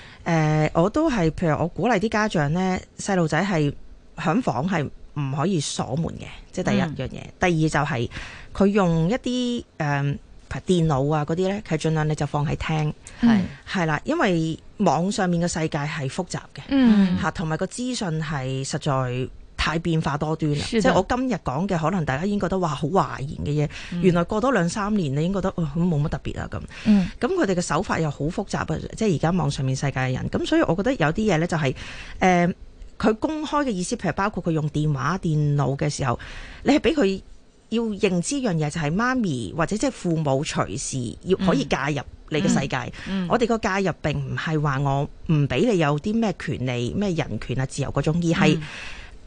誒、呃，我都係譬如我鼓勵啲家長呢，細路仔係響房係唔可以鎖門嘅，即係第一樣嘢、嗯。第二就係、是、佢用一啲誒，呃、如電腦啊嗰啲呢，佢儘量你就放喺廳，係係啦，因為網上面嘅世界係複雜嘅，嚇，同埋個資訊係實在。太變化多端啦，Sure. 即係我今日講嘅，可能大家已經覺得哇好嘩然嘅嘢，的東西 mm. 原來過多兩三年你已經覺得哦，冇、呃、乜特別啊。咁咁佢哋嘅手法又好複雜啊，即係而家網上面世界嘅人咁，所以我覺得有啲嘢呢，就係誒佢公開嘅意思，譬如包括佢用電話、電腦嘅時候，你係俾佢要認知的一樣嘢，就係、是、媽咪或者即係父母隨時要可以介入你嘅世界。Mm. Mm. 我哋個介入並唔係話我唔俾你有啲咩權利、咩人權啊、自由嗰種，而係。Mm.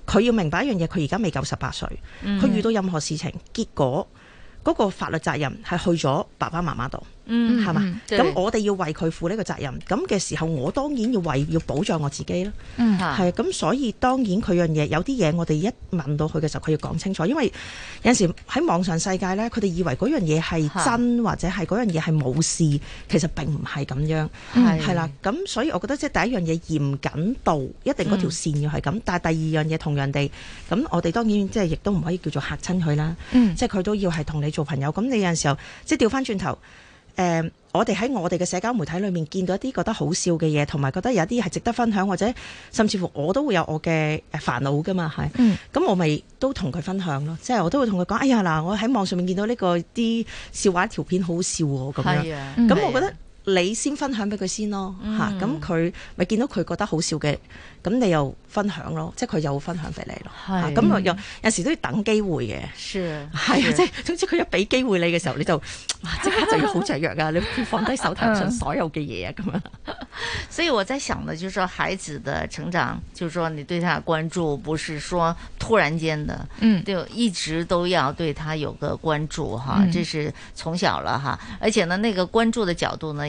佢要明白一樣嘢，佢而家未夠十八歲，佢遇到任何事情，結果嗰個法律責任係去咗爸爸媽媽度。嗯，係嘛？咁我哋要為佢負呢個責任咁嘅時候，我當然要為要保障我自己咯。嗯，係。咁，所以當然佢樣嘢有啲嘢，我哋一問到佢嘅時候，佢要講清楚。因為有陣時喺網上世界咧，佢哋以為嗰樣嘢係真或者係嗰樣嘢係冇事，其實並唔係咁樣係啦。咁所以我覺得即係第一樣嘢嚴謹度一定嗰條線要係咁，嗯，但係第二樣嘢同人哋咁，我哋當然即係亦都唔可以叫做嚇親佢啦。嗯，即係佢都要係同你做朋友。咁你有陣時候即係調翻轉頭。誒、嗯，我哋喺我哋嘅社交媒體裏面見到一啲覺得好笑嘅嘢，同埋覺得有啲係值得分享，或者甚至乎我都會有我嘅煩惱噶嘛，係。咁、嗯、我咪都同佢分享咯，即係我都會同佢講，哎呀嗱，我喺網上面見到呢個啲笑話條片好笑喎，咁樣。咁我覺得。你先分享俾佢先咯，嚇咁佢咪見到佢覺得好笑嘅，咁你又分享咯，即係佢又分享俾你咯，咁又、啊、有，有時都要等機會嘅，係即係總之佢一俾機會你嘅時候，你就即刻、啊、就要好雀躍啊， 你放低手頭上所有嘅嘢啊咁。 所以我在想呢，就是說孩子的成長，就是說你對他的關注不是說突然間的，嗯，就一直都要對他有個關注哈，這是從小啦哈，而且呢，那個關注嘅角度呢？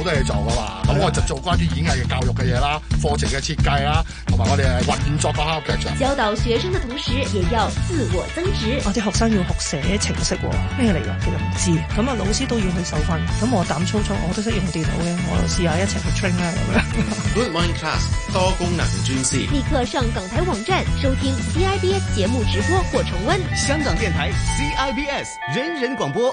好多嘢做噶嘛，咁我就做關於演藝嘅教育嘅嘢啦，課程嘅設計啦，同埋我哋係運作嗰個 project 教導學生嘅同時，也要自我增值。我啲學生要學寫程式，咩嚟噶？其實唔知。咁啊，老師都要去受訓。咁我膽粗粗，我都識用電腦嘅，我試下一齊去 train 啦、啊。 Good morning class 多功能專視。立刻上港台網站收聽 CIBS 節目直播或重溫。香港電台 CIBS 人人廣播。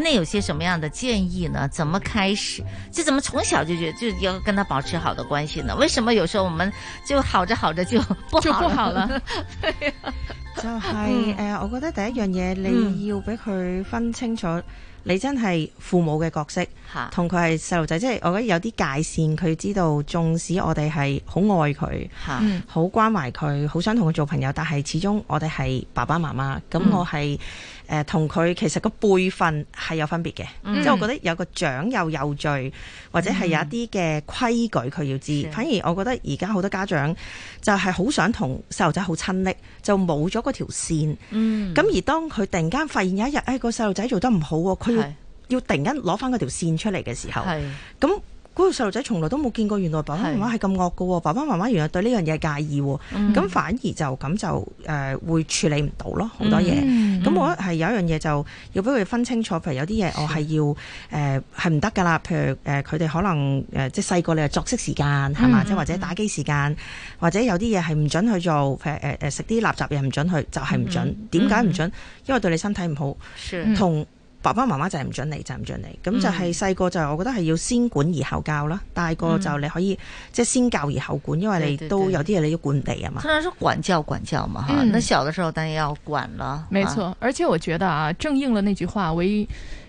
嗰，有些什麼樣的建議呢？怎麼開始？就怎麼從小就覺得，就要跟他保持好的關係呢？為什麼有時候我們就好着好着就不好了？就係、 就是嗯呃、我覺得第一樣嘢你要俾佢分清楚，你真係父母嘅角色，同佢係細路仔，即係、就是、我覺得有啲界線，佢知道，縱使我哋係好愛佢，嗯，好關懷佢，好想同佢做朋友，但係始終我哋係爸爸媽媽，咁我係、嗯。誒同佢其實個輩分係有分別嘅，即、嗯、係我覺得有個長幼有序，或者係有一啲嘅規矩佢要知、嗯。反而我覺得而家好多家長就係好想同細路仔好親暱，就冇咗嗰條線。咁、嗯、而當佢突然間發現有一日誒個細路仔做得唔好喎，佢要突然間攞翻嗰條線出嚟嘅時候，咁。嗰、那個細路仔從來都冇見過，原來爸爸媽媽係咁惡噶喎！爸爸媽媽原來對呢樣嘢介意，咁、嗯、反而就咁就誒會處理唔到咯，好多嘢。咁、嗯嗯、我係有一樣嘢就要俾佢分清楚，譬如有啲嘢我係要誒係唔得噶啦，譬如誒佢哋可能誒、呃、即係細個嘅作息時間係嘛，即、嗯、或者打機時間、嗯，或者有啲嘢係唔準去做，譬如誒食啲垃圾嘢唔準去，就係、是、唔準。點解唔準、嗯？因為對你身體唔好，同。爸爸媽媽就係唔准你，就唔、是、准你。咁就係細個就係，我覺得係要先管而後教啦、嗯。大個就你可以即係、就是、先教而後管，因為你都有啲嘢你要管佢啊嘛。雖然說管教管教嘛、吓、嗯，那小的時候當然要管啦。沒錯、啊，而且我覺得啊，正應了那句話，唯一。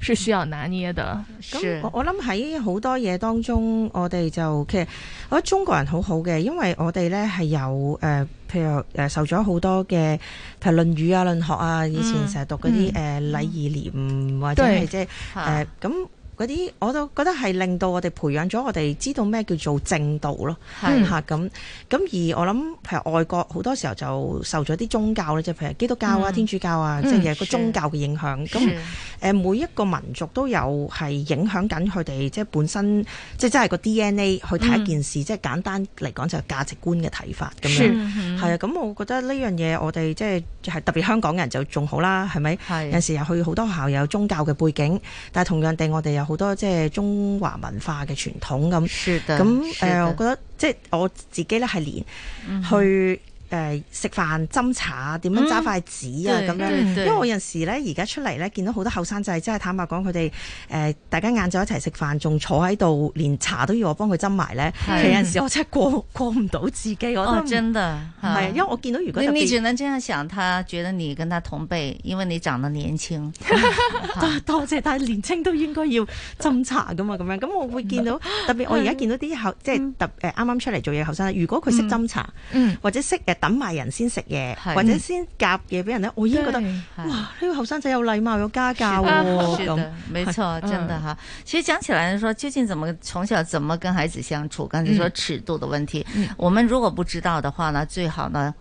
是需要拿捏的。嗯、我我諗喺好多嘢當中，我哋就其實我覺得中國人好好嘅，因為我哋呢係有誒、呃，譬如誒、呃、受咗好多嘅，譬如《論語》啊、啊《論學》啊，以前成日讀嗰啲誒《禮、嗯、義、呃、廉、嗯》或者係即係咁。嗰啲我都覺得係令到我哋培養咗，我哋知道咩叫做正道咯，嚇咁咁。而我諗譬如外國好多時候就受咗啲宗教咧，即係譬如基督教啊、嗯、天主教啊，嗯、即係個宗教嘅影響。咁、嗯、誒、嗯，每一個民族都有係影響緊佢哋，即係本身即係真係個 DNA 去睇一件事，嗯、即係簡單嚟講就係價值觀嘅睇法咁、嗯、樣。係、嗯、啊，咁我覺得呢樣嘢我哋即係特別香港人就仲好啦，係咪？有時又去好多學校又有宗教嘅背景，但係同樣地我哋又。好多即係中華文化嘅傳統咁，咁誒、呃，我覺得即係、就是、我自己咧係連去、嗯。誒、呃、食飯斟茶點樣揸筷子啊咁樣、嗯、因為我有陣時咧，而家出嚟咧見到好多後生仔，真係坦白講，佢哋誒大家晏晝一齊食飯，仲坐喺度，連茶都要我幫佢斟埋咧。其實有陣時我真係過過唔到自己、哦，我覺得唔係。因為我見到如果你你只能這樣想，他覺得你跟他同輩因為你長得年輕 多，多謝，但係年青都應該要斟茶噶嘛，咁樣。咁我會見到、嗯、特別，我而家見到啲後、嗯、即係特啱啱、呃、出嚟做嘢後生，如果佢識斟茶、嗯、或者識等埋人先食嘢，或者先夾嘢俾人咧，我已經覺得哇、呢、這個後生仔有禮貌有家教喎、哦、咁，沒錯，真係吓、嗯。其實講起來嚟說，究竟怎麼從小怎麼跟孩子相處？剛、就、才、是、說尺度的問題、嗯嗯，我們如果不知道的話呢，最好呢？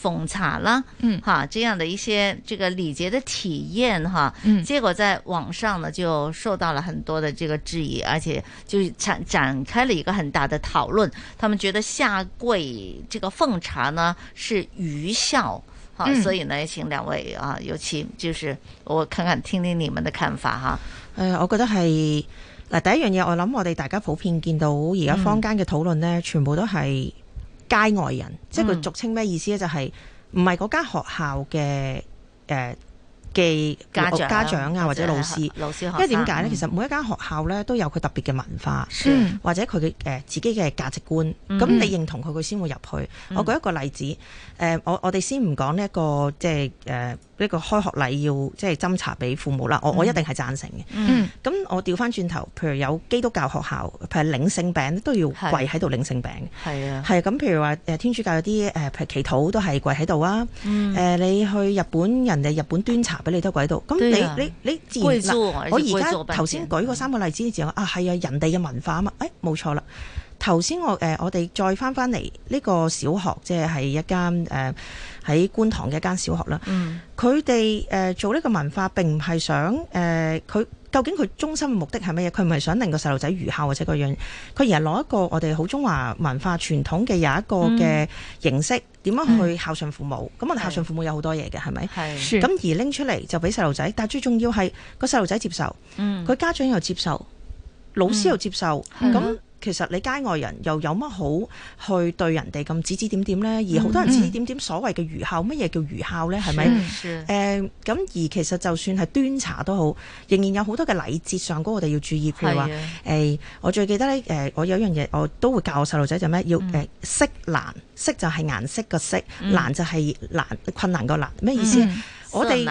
奉茶啦，嗯，哈，這樣的一些這個禮節的體驗，哈，嗯，結果在網上呢就受到了很多的這個質疑，而且就展展開了一個很大的討論。他們覺得下跪這個奉茶呢是愚孝，哈、嗯，所以呢，請兩位啊，尤其就是我看看聽聽你們的看法哈。誒、哎，我覺得係嗱第一樣嘢，我諗我哋大家普遍見到而家坊間嘅討論呢，嗯、全部都係。街外人，即係佢俗稱咩意思咧、嗯？就係唔係嗰間學校嘅誒嘅家長啊，或者，或者老師，因為點解咧？其實每一間學校咧都有佢特別嘅文化，或者佢嘅誒自己嘅價值觀。咁、嗯、你認同佢，佢先會入去、嗯。我舉一個例子，誒、呃，我我哋先唔講呢一個即係誒。呃呢個開學禮要即係斟茶俾父母啦，我我一定係贊成嘅。咁、嗯、我調翻轉頭，譬如有基督教學校，譬如領聖餅都要跪喺度領聖餅係啊，係咁譬如話天主教有啲誒祈禱都係跪喺度啊。誒、嗯呃、你去日本人哋日本端茶俾你都跪喺度。咁你你你自然我而家頭先舉過三個例子之後，啊係啊，人哋嘅文化啊嘛，誒、哎、冇錯啦。頭先我誒、呃、我哋再翻翻嚟呢個小學，即係一間誒。呃喺觀塘嘅一間小學啦，佢哋誒做呢個文化並唔係想誒佢、呃、究竟佢中心嘅目的係乜嘢？佢唔係想令個細路仔愚孝或者嗰樣，佢而係攞一個我哋好中華文化傳統嘅有一個嘅形式，點、嗯、樣去孝順父母？咁我哋孝順父母有好多嘢嘅，係咪？咁而拎出嚟就俾細路仔，但係最重要係個細路仔接受，佢、嗯、家長又接受，老師又接受，咁、嗯。嗯其實你街外人又有乜好去對人哋咁指指點點咧？而好多人指指點點，所謂嘅愚孝，乜嘢、嗯、叫愚孝咧？係咪？誒咁、呃、而其實就算係端茶都好，仍然有好多嘅禮節上高我哋要注意。譬如話誒，我最記得咧誒、呃，我有一樣嘢我都會教我細路仔就咩，要誒色、呃、難，色就係顏色個色，難就係難、嗯、困難個難，咩意思？我哋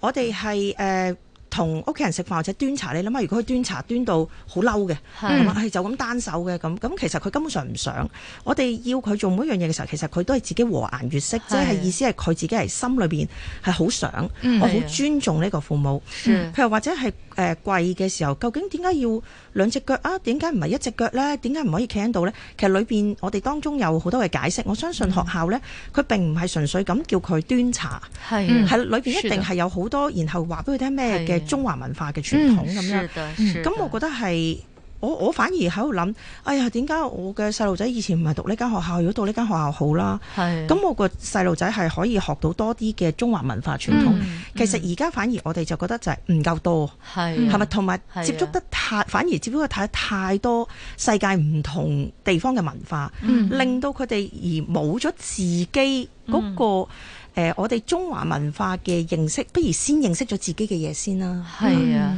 我哋係誒。嗯嗯同屋企人食飯或者端茶，你諗下，如果佢端茶端到好嬲嘅，係的就咁單手嘅咁，咁其實佢根本上唔想。我哋要佢做每一樣嘢嘅時候，其實佢都係自己和顏悅色，的即係意思係佢自己係心裏邊係好想，的我好尊重呢個父母，佢又的或者係。誒、呃，跪嘅時候究竟點解要兩隻腳啊？點解唔係一隻腳咧？點解唔可以企喺度咧？其實裏邊我哋當中有好多嘅解釋，我相信學校咧，佢、嗯、並唔係純粹咁叫佢端茶，係係、嗯、裏邊一定係有好多，然後話俾佢聽咩嘅中華文化嘅傳統咁樣。咁、嗯、我覺得係。我我反而喺度諗，哎呀，點解我嘅細路仔以前唔係讀呢間學校，如果讀呢間學校好啦，咁我個細路仔係可以學到多啲嘅中華文化傳統。嗯嗯、其實而家反而我哋就覺得就係唔夠多，係咪？同埋接觸得太，反而接觸得太太多世界唔同地方嘅文化，嗯、令到佢哋而冇咗自己嗰、那個。嗯誒、呃，我哋中華文化嘅認識，不如先認識咗自己嘅嘢先啦。係啊，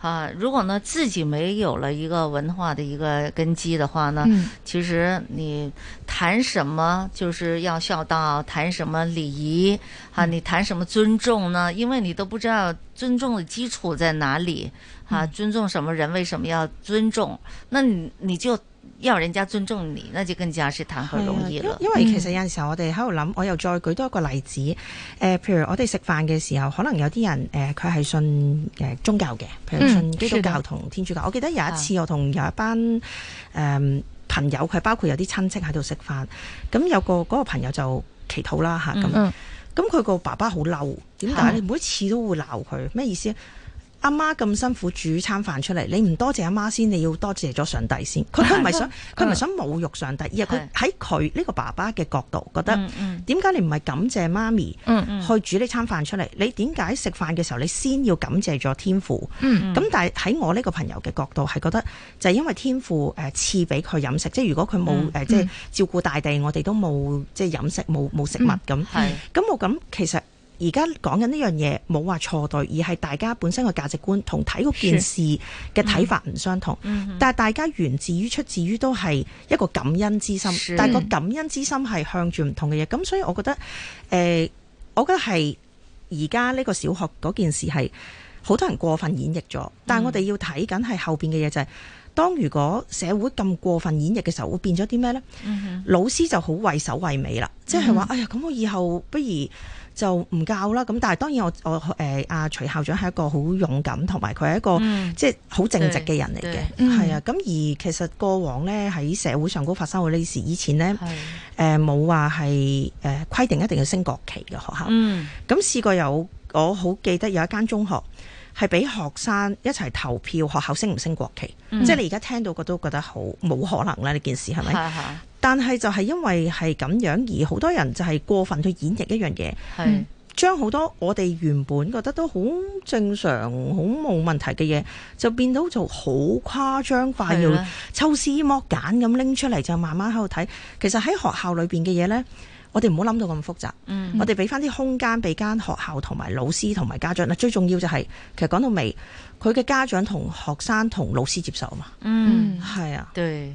啊，如果呢自己沒有了一個文化的一個根基的話呢，嗯、其實你談什麼，就是要孝道，談什麼禮儀，啊，你談什麼尊重呢？因為你都不知道尊重的基礎在哪裏，啊，尊重什麼人，為什麼要尊重？那你你就。要人家尊重你，那就更加是談何容易了，啊。因為其實有陣時候我哋喺度諗，我又再舉多一個例子。誒、呃，譬如我哋食飯嘅時候，可能有啲人誒，佢、呃、係信、呃、宗教嘅，譬如信基督教同天主教，嗯。我記得有一次我同有一班誒、啊嗯、朋友，佢包括有啲親戚喺度食飯，咁有個嗰、那個朋友就祈禱啦嚇。咁咁佢個爸爸好嬲，點解，啊、你每一次都會鬧佢咩意思？阿媽咁辛苦煮餐飯出嚟，你唔多謝阿媽先，你要多謝咗上帝先。佢佢唔係想佢唔係想侮辱上帝，而係佢喺佢呢個爸爸嘅角度覺得點解你唔係感謝媽咪去煮呢餐飯出嚟？你點解食飯嘅時候你先要感謝咗天父？咁但係喺我呢個朋友嘅角度係覺得就係因為天父誒賜俾佢飲食，即係如果佢冇誒即係照顧大地，我哋都冇即係飲食冇冇食物咁。咁我咁其實。而家講緊呢樣嘢冇話錯對，而係大家本身個價值觀同睇嗰件事嘅睇法唔相同。是嗯、但係大家源自於出自於都係一個感恩之心，是但係個感恩之心係向住唔同嘅嘢。咁所以我覺得，誒、呃，我覺得係而家呢個小學嗰件事係好多人過分演繹咗。但係我哋要睇緊係後邊嘅嘢就係，當如果社會咁過分演繹嘅時候，會變咗啲咩呢、嗯？老師就好畏首畏尾啦，即係話：哎呀，咁我以後不如。就唔教啦，咁但係當然我我誒阿、呃、徐校長係一個好勇敢同埋佢係一個、嗯、即係好正直嘅人嚟嘅，係啊，咁、嗯、而其實過往咧喺社會上高發生過呢啲事，以前咧誒冇話係誒規定一定要升國旗嘅學校，咁、嗯、試過有我好記得有一間中學。係俾學生一齊投票學校升唔升國旗，嗯、即係你而家聽到個都覺得好冇可能啦！呢件事係咪？但係就係因為係咁樣，而好多人就係過分去演繹一樣嘢，將好多我哋原本覺得都好正常、好冇問題嘅嘢，就變到就好誇張，快要抽絲剝繭咁拎出嚟，就慢慢喺度睇。其實喺學校裏邊嘅嘢呢。我哋唔好諗到咁複雜，嗯、我哋俾翻啲空間俾間學校同埋老師同埋家長。嗱，最重要就係，其實講到尾，佢嘅家長同學生同老師接受啊嘛。嗯，係啊，對。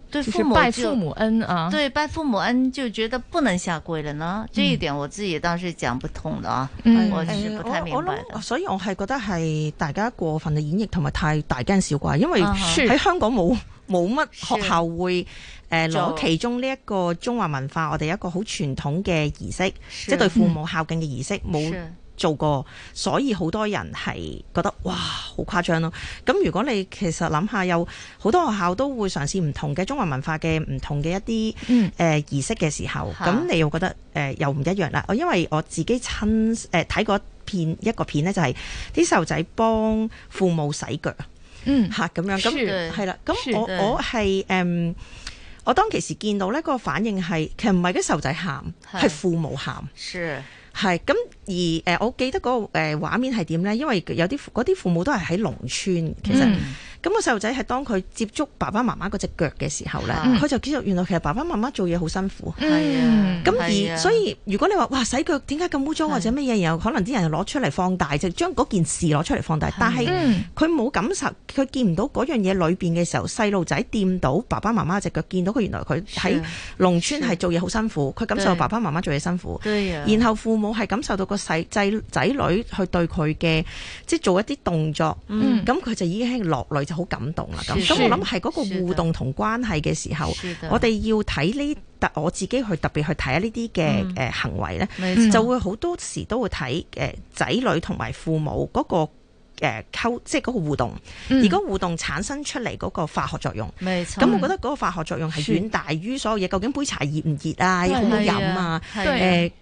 對父母就，拜父母恩啊、對拜父母恩就覺得不能下跪了呢？嗯、這一點我自己當時講不通的啊、嗯，我就是不太明白、哎呃。所以我係覺得係大家過分嘅演繹同埋太大驚小怪，因為喺香港冇冇乜學校會誒攞、呃、其中呢一個中華文化，我哋一個好傳統嘅儀式，是即係對父母孝敬嘅儀式冇。做過，所以好多人係覺得哇好誇張咯。咁如果你其實諗下，有好多學校都會嘗試唔同嘅中華文，文化嘅唔同嘅一啲誒、嗯呃、儀式嘅時候，咁、嗯、你又覺得誒、呃、又唔一樣啦。我因為我自己親誒睇、呃、過一片一個片咧、就是，就係啲細路仔幫父母洗腳嗯嚇咁樣咁係啦。咁我我係誒、嗯、我當其時見到呢個反應係其實唔係啲細路仔喊，係父母喊。係，咁而誒，我記得嗰個畫面係點咧？因為有啲嗰啲父母都係喺農村，其實，嗯。咁、那個細路仔係當佢接觸爸爸媽媽嗰隻腳嘅時候咧，佢就知道原來其實爸爸媽媽做嘢好辛苦。係啊，咁而、啊、所以如果你話哇，洗腳點解咁污糟或者乜嘢，然後可能啲人攞出嚟放大，就將嗰件事攞出嚟放大。啊、但係佢冇感受，佢見唔到嗰樣嘢裏邊嘅時候，細路仔掂到爸爸媽媽隻腳，見到佢原來佢喺農村係做嘢好辛苦，佢、啊、感受到爸爸媽媽做嘢辛苦、啊。然後父母係感受到個細仔仔女去對佢嘅，即做一啲動作。咁、嗯、佢就已經係落淚。好感動呀！咁咁，我諗係嗰個互動同關係嘅時候，我哋要睇呢特我自己去特別去睇下呢啲嘅行為咧、嗯呃嗯，就會好多時都會睇仔、呃、女同埋父母嗰、嗰個誒、呃、溝，即係嗰個互動。嗯、而嗰互動產生出嚟嗰個化學作用，咁我覺得嗰個化學作用係遠大於所有嘢。究竟杯茶熱唔熱啊？好唔好飲啊？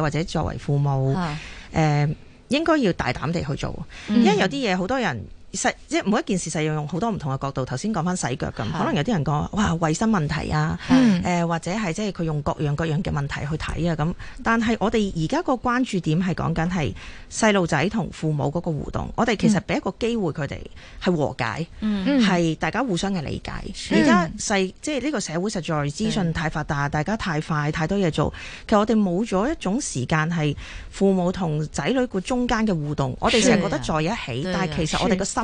或者作為父母，啊呃、應該要大膽地去做，因為有啲嘢好多人。實即係每一件事，實要用好多唔同嘅角度。頭先講翻洗腳，咁，可能有啲人講哇，衛生問題啊，嗯呃、或者係即係佢用各樣各樣嘅問題去睇啊咁。但係我哋而家個關注點係講緊，係細路仔同父母嗰個互動。我哋其實俾一個機會，佢哋係和解，係、嗯、大家互相嘅理解。而家細即係呢個社會實在資訊太發達，大家太快太多嘢做，其實我哋冇咗一種時間，係父母同仔女個中間嘅互動。我哋成日覺得在一起，啊啊、但係其實我哋個、啊。心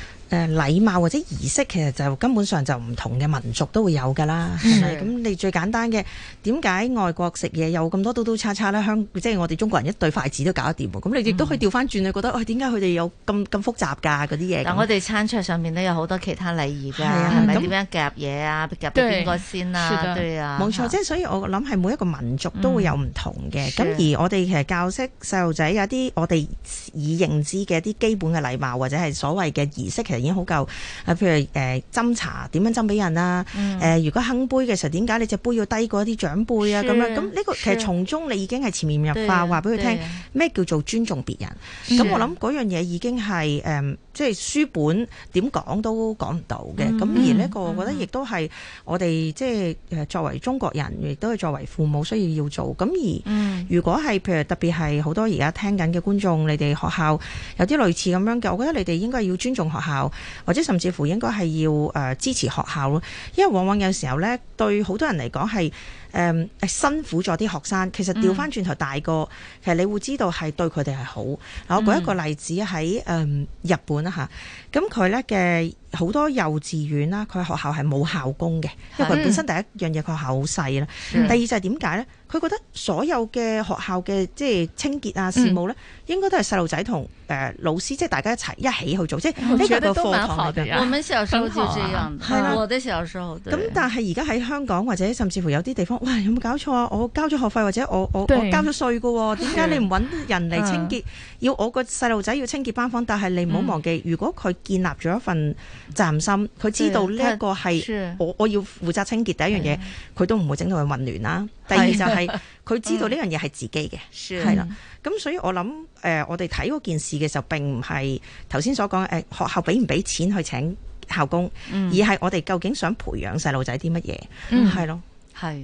誒、呃、禮貌或者儀式其實就根本上就唔同嘅民族都會有㗎啦，係咪？咁你最簡單嘅點解外國食嘢有咁多刀刀叉叉咧？香即係、就是、我哋中國人一對筷子都搞得掂喎。咁、嗯、你亦都可以調翻轉，覺得誒點解佢哋有咁咁複雜㗎嗰啲嘢？但我哋餐桌上面咧有好多其他禮儀㗎，係咪點樣夾嘢啊？夾邊個先啊？對，對啊，冇錯，即係所以我諗係每一個民族都會有唔同嘅。咁、嗯、而我哋其實教識細路仔有啲我哋已認知嘅一啲基本嘅禮貌或者係所謂嘅儀式，已經好夠，啊，譬如誒斟、呃、茶點樣斟俾人啦、啊，誒、嗯呃，如果坑杯嘅時候點解你隻杯要低過一啲長輩啊？咁樣咁呢、這個其實從中你已經係潛移默化，話俾佢聽咩叫做尊重別人。咁我諗嗰樣嘢，已經係誒，即、嗯、係、即係、書本點講都講唔到嘅。咁、嗯、而呢個我覺得亦都係我哋即係誒作為中國人亦都係作為父母需要要做。咁而、嗯、如果係譬如特別係好多而家聽緊嘅觀眾，你哋學校有啲類似咁樣嘅，我覺得你哋應該要尊重學校。或者甚至乎應該係要誒、呃、支持學校咯，因為往往有時候咧對好多人嚟講係誒辛苦咗啲學生，其實調翻轉頭大個，其實你會知道係對佢哋係好。嗱，我舉一個例子喺誒、嗯呃、日本啦吓，咁佢咧嘅。好多幼稚園啦，佢學校係冇校工嘅，因為佢本身第一樣嘢，佢、嗯、學校好細啦。第二就係點解咧？佢覺得所有嘅學校嘅即係清潔啊、事務咧、嗯，應該都係細路仔同誒老師，即係大家一齊一起去做。即係呢個課堂、嗯都啊、我哋小時候就這樣好、啊，係啦、啊，我哋小時候好。咁但係而家喺香港或者甚至乎有啲地方，哇！有冇搞錯啊？我交咗學費或者我我我交咗稅㗎喎，點解你唔揾人嚟清潔？嗯、要我個細路仔要清潔班房？但係你唔好忘記，嗯、如果佢建立咗一份責任心，佢知道呢一個係我我要負責清潔第一樣嘢，佢都唔會整到佢混亂啦。第二就係、是、佢 知道呢樣嘢係自己嘅，係啦。咁所以我諗誒、呃，我哋睇嗰件事嘅時候並唔係頭先所講誒、呃、學校俾唔俾錢去請校工，嗯、而係我哋究竟想培養細路仔啲乜嘢，係、嗯、咯？係。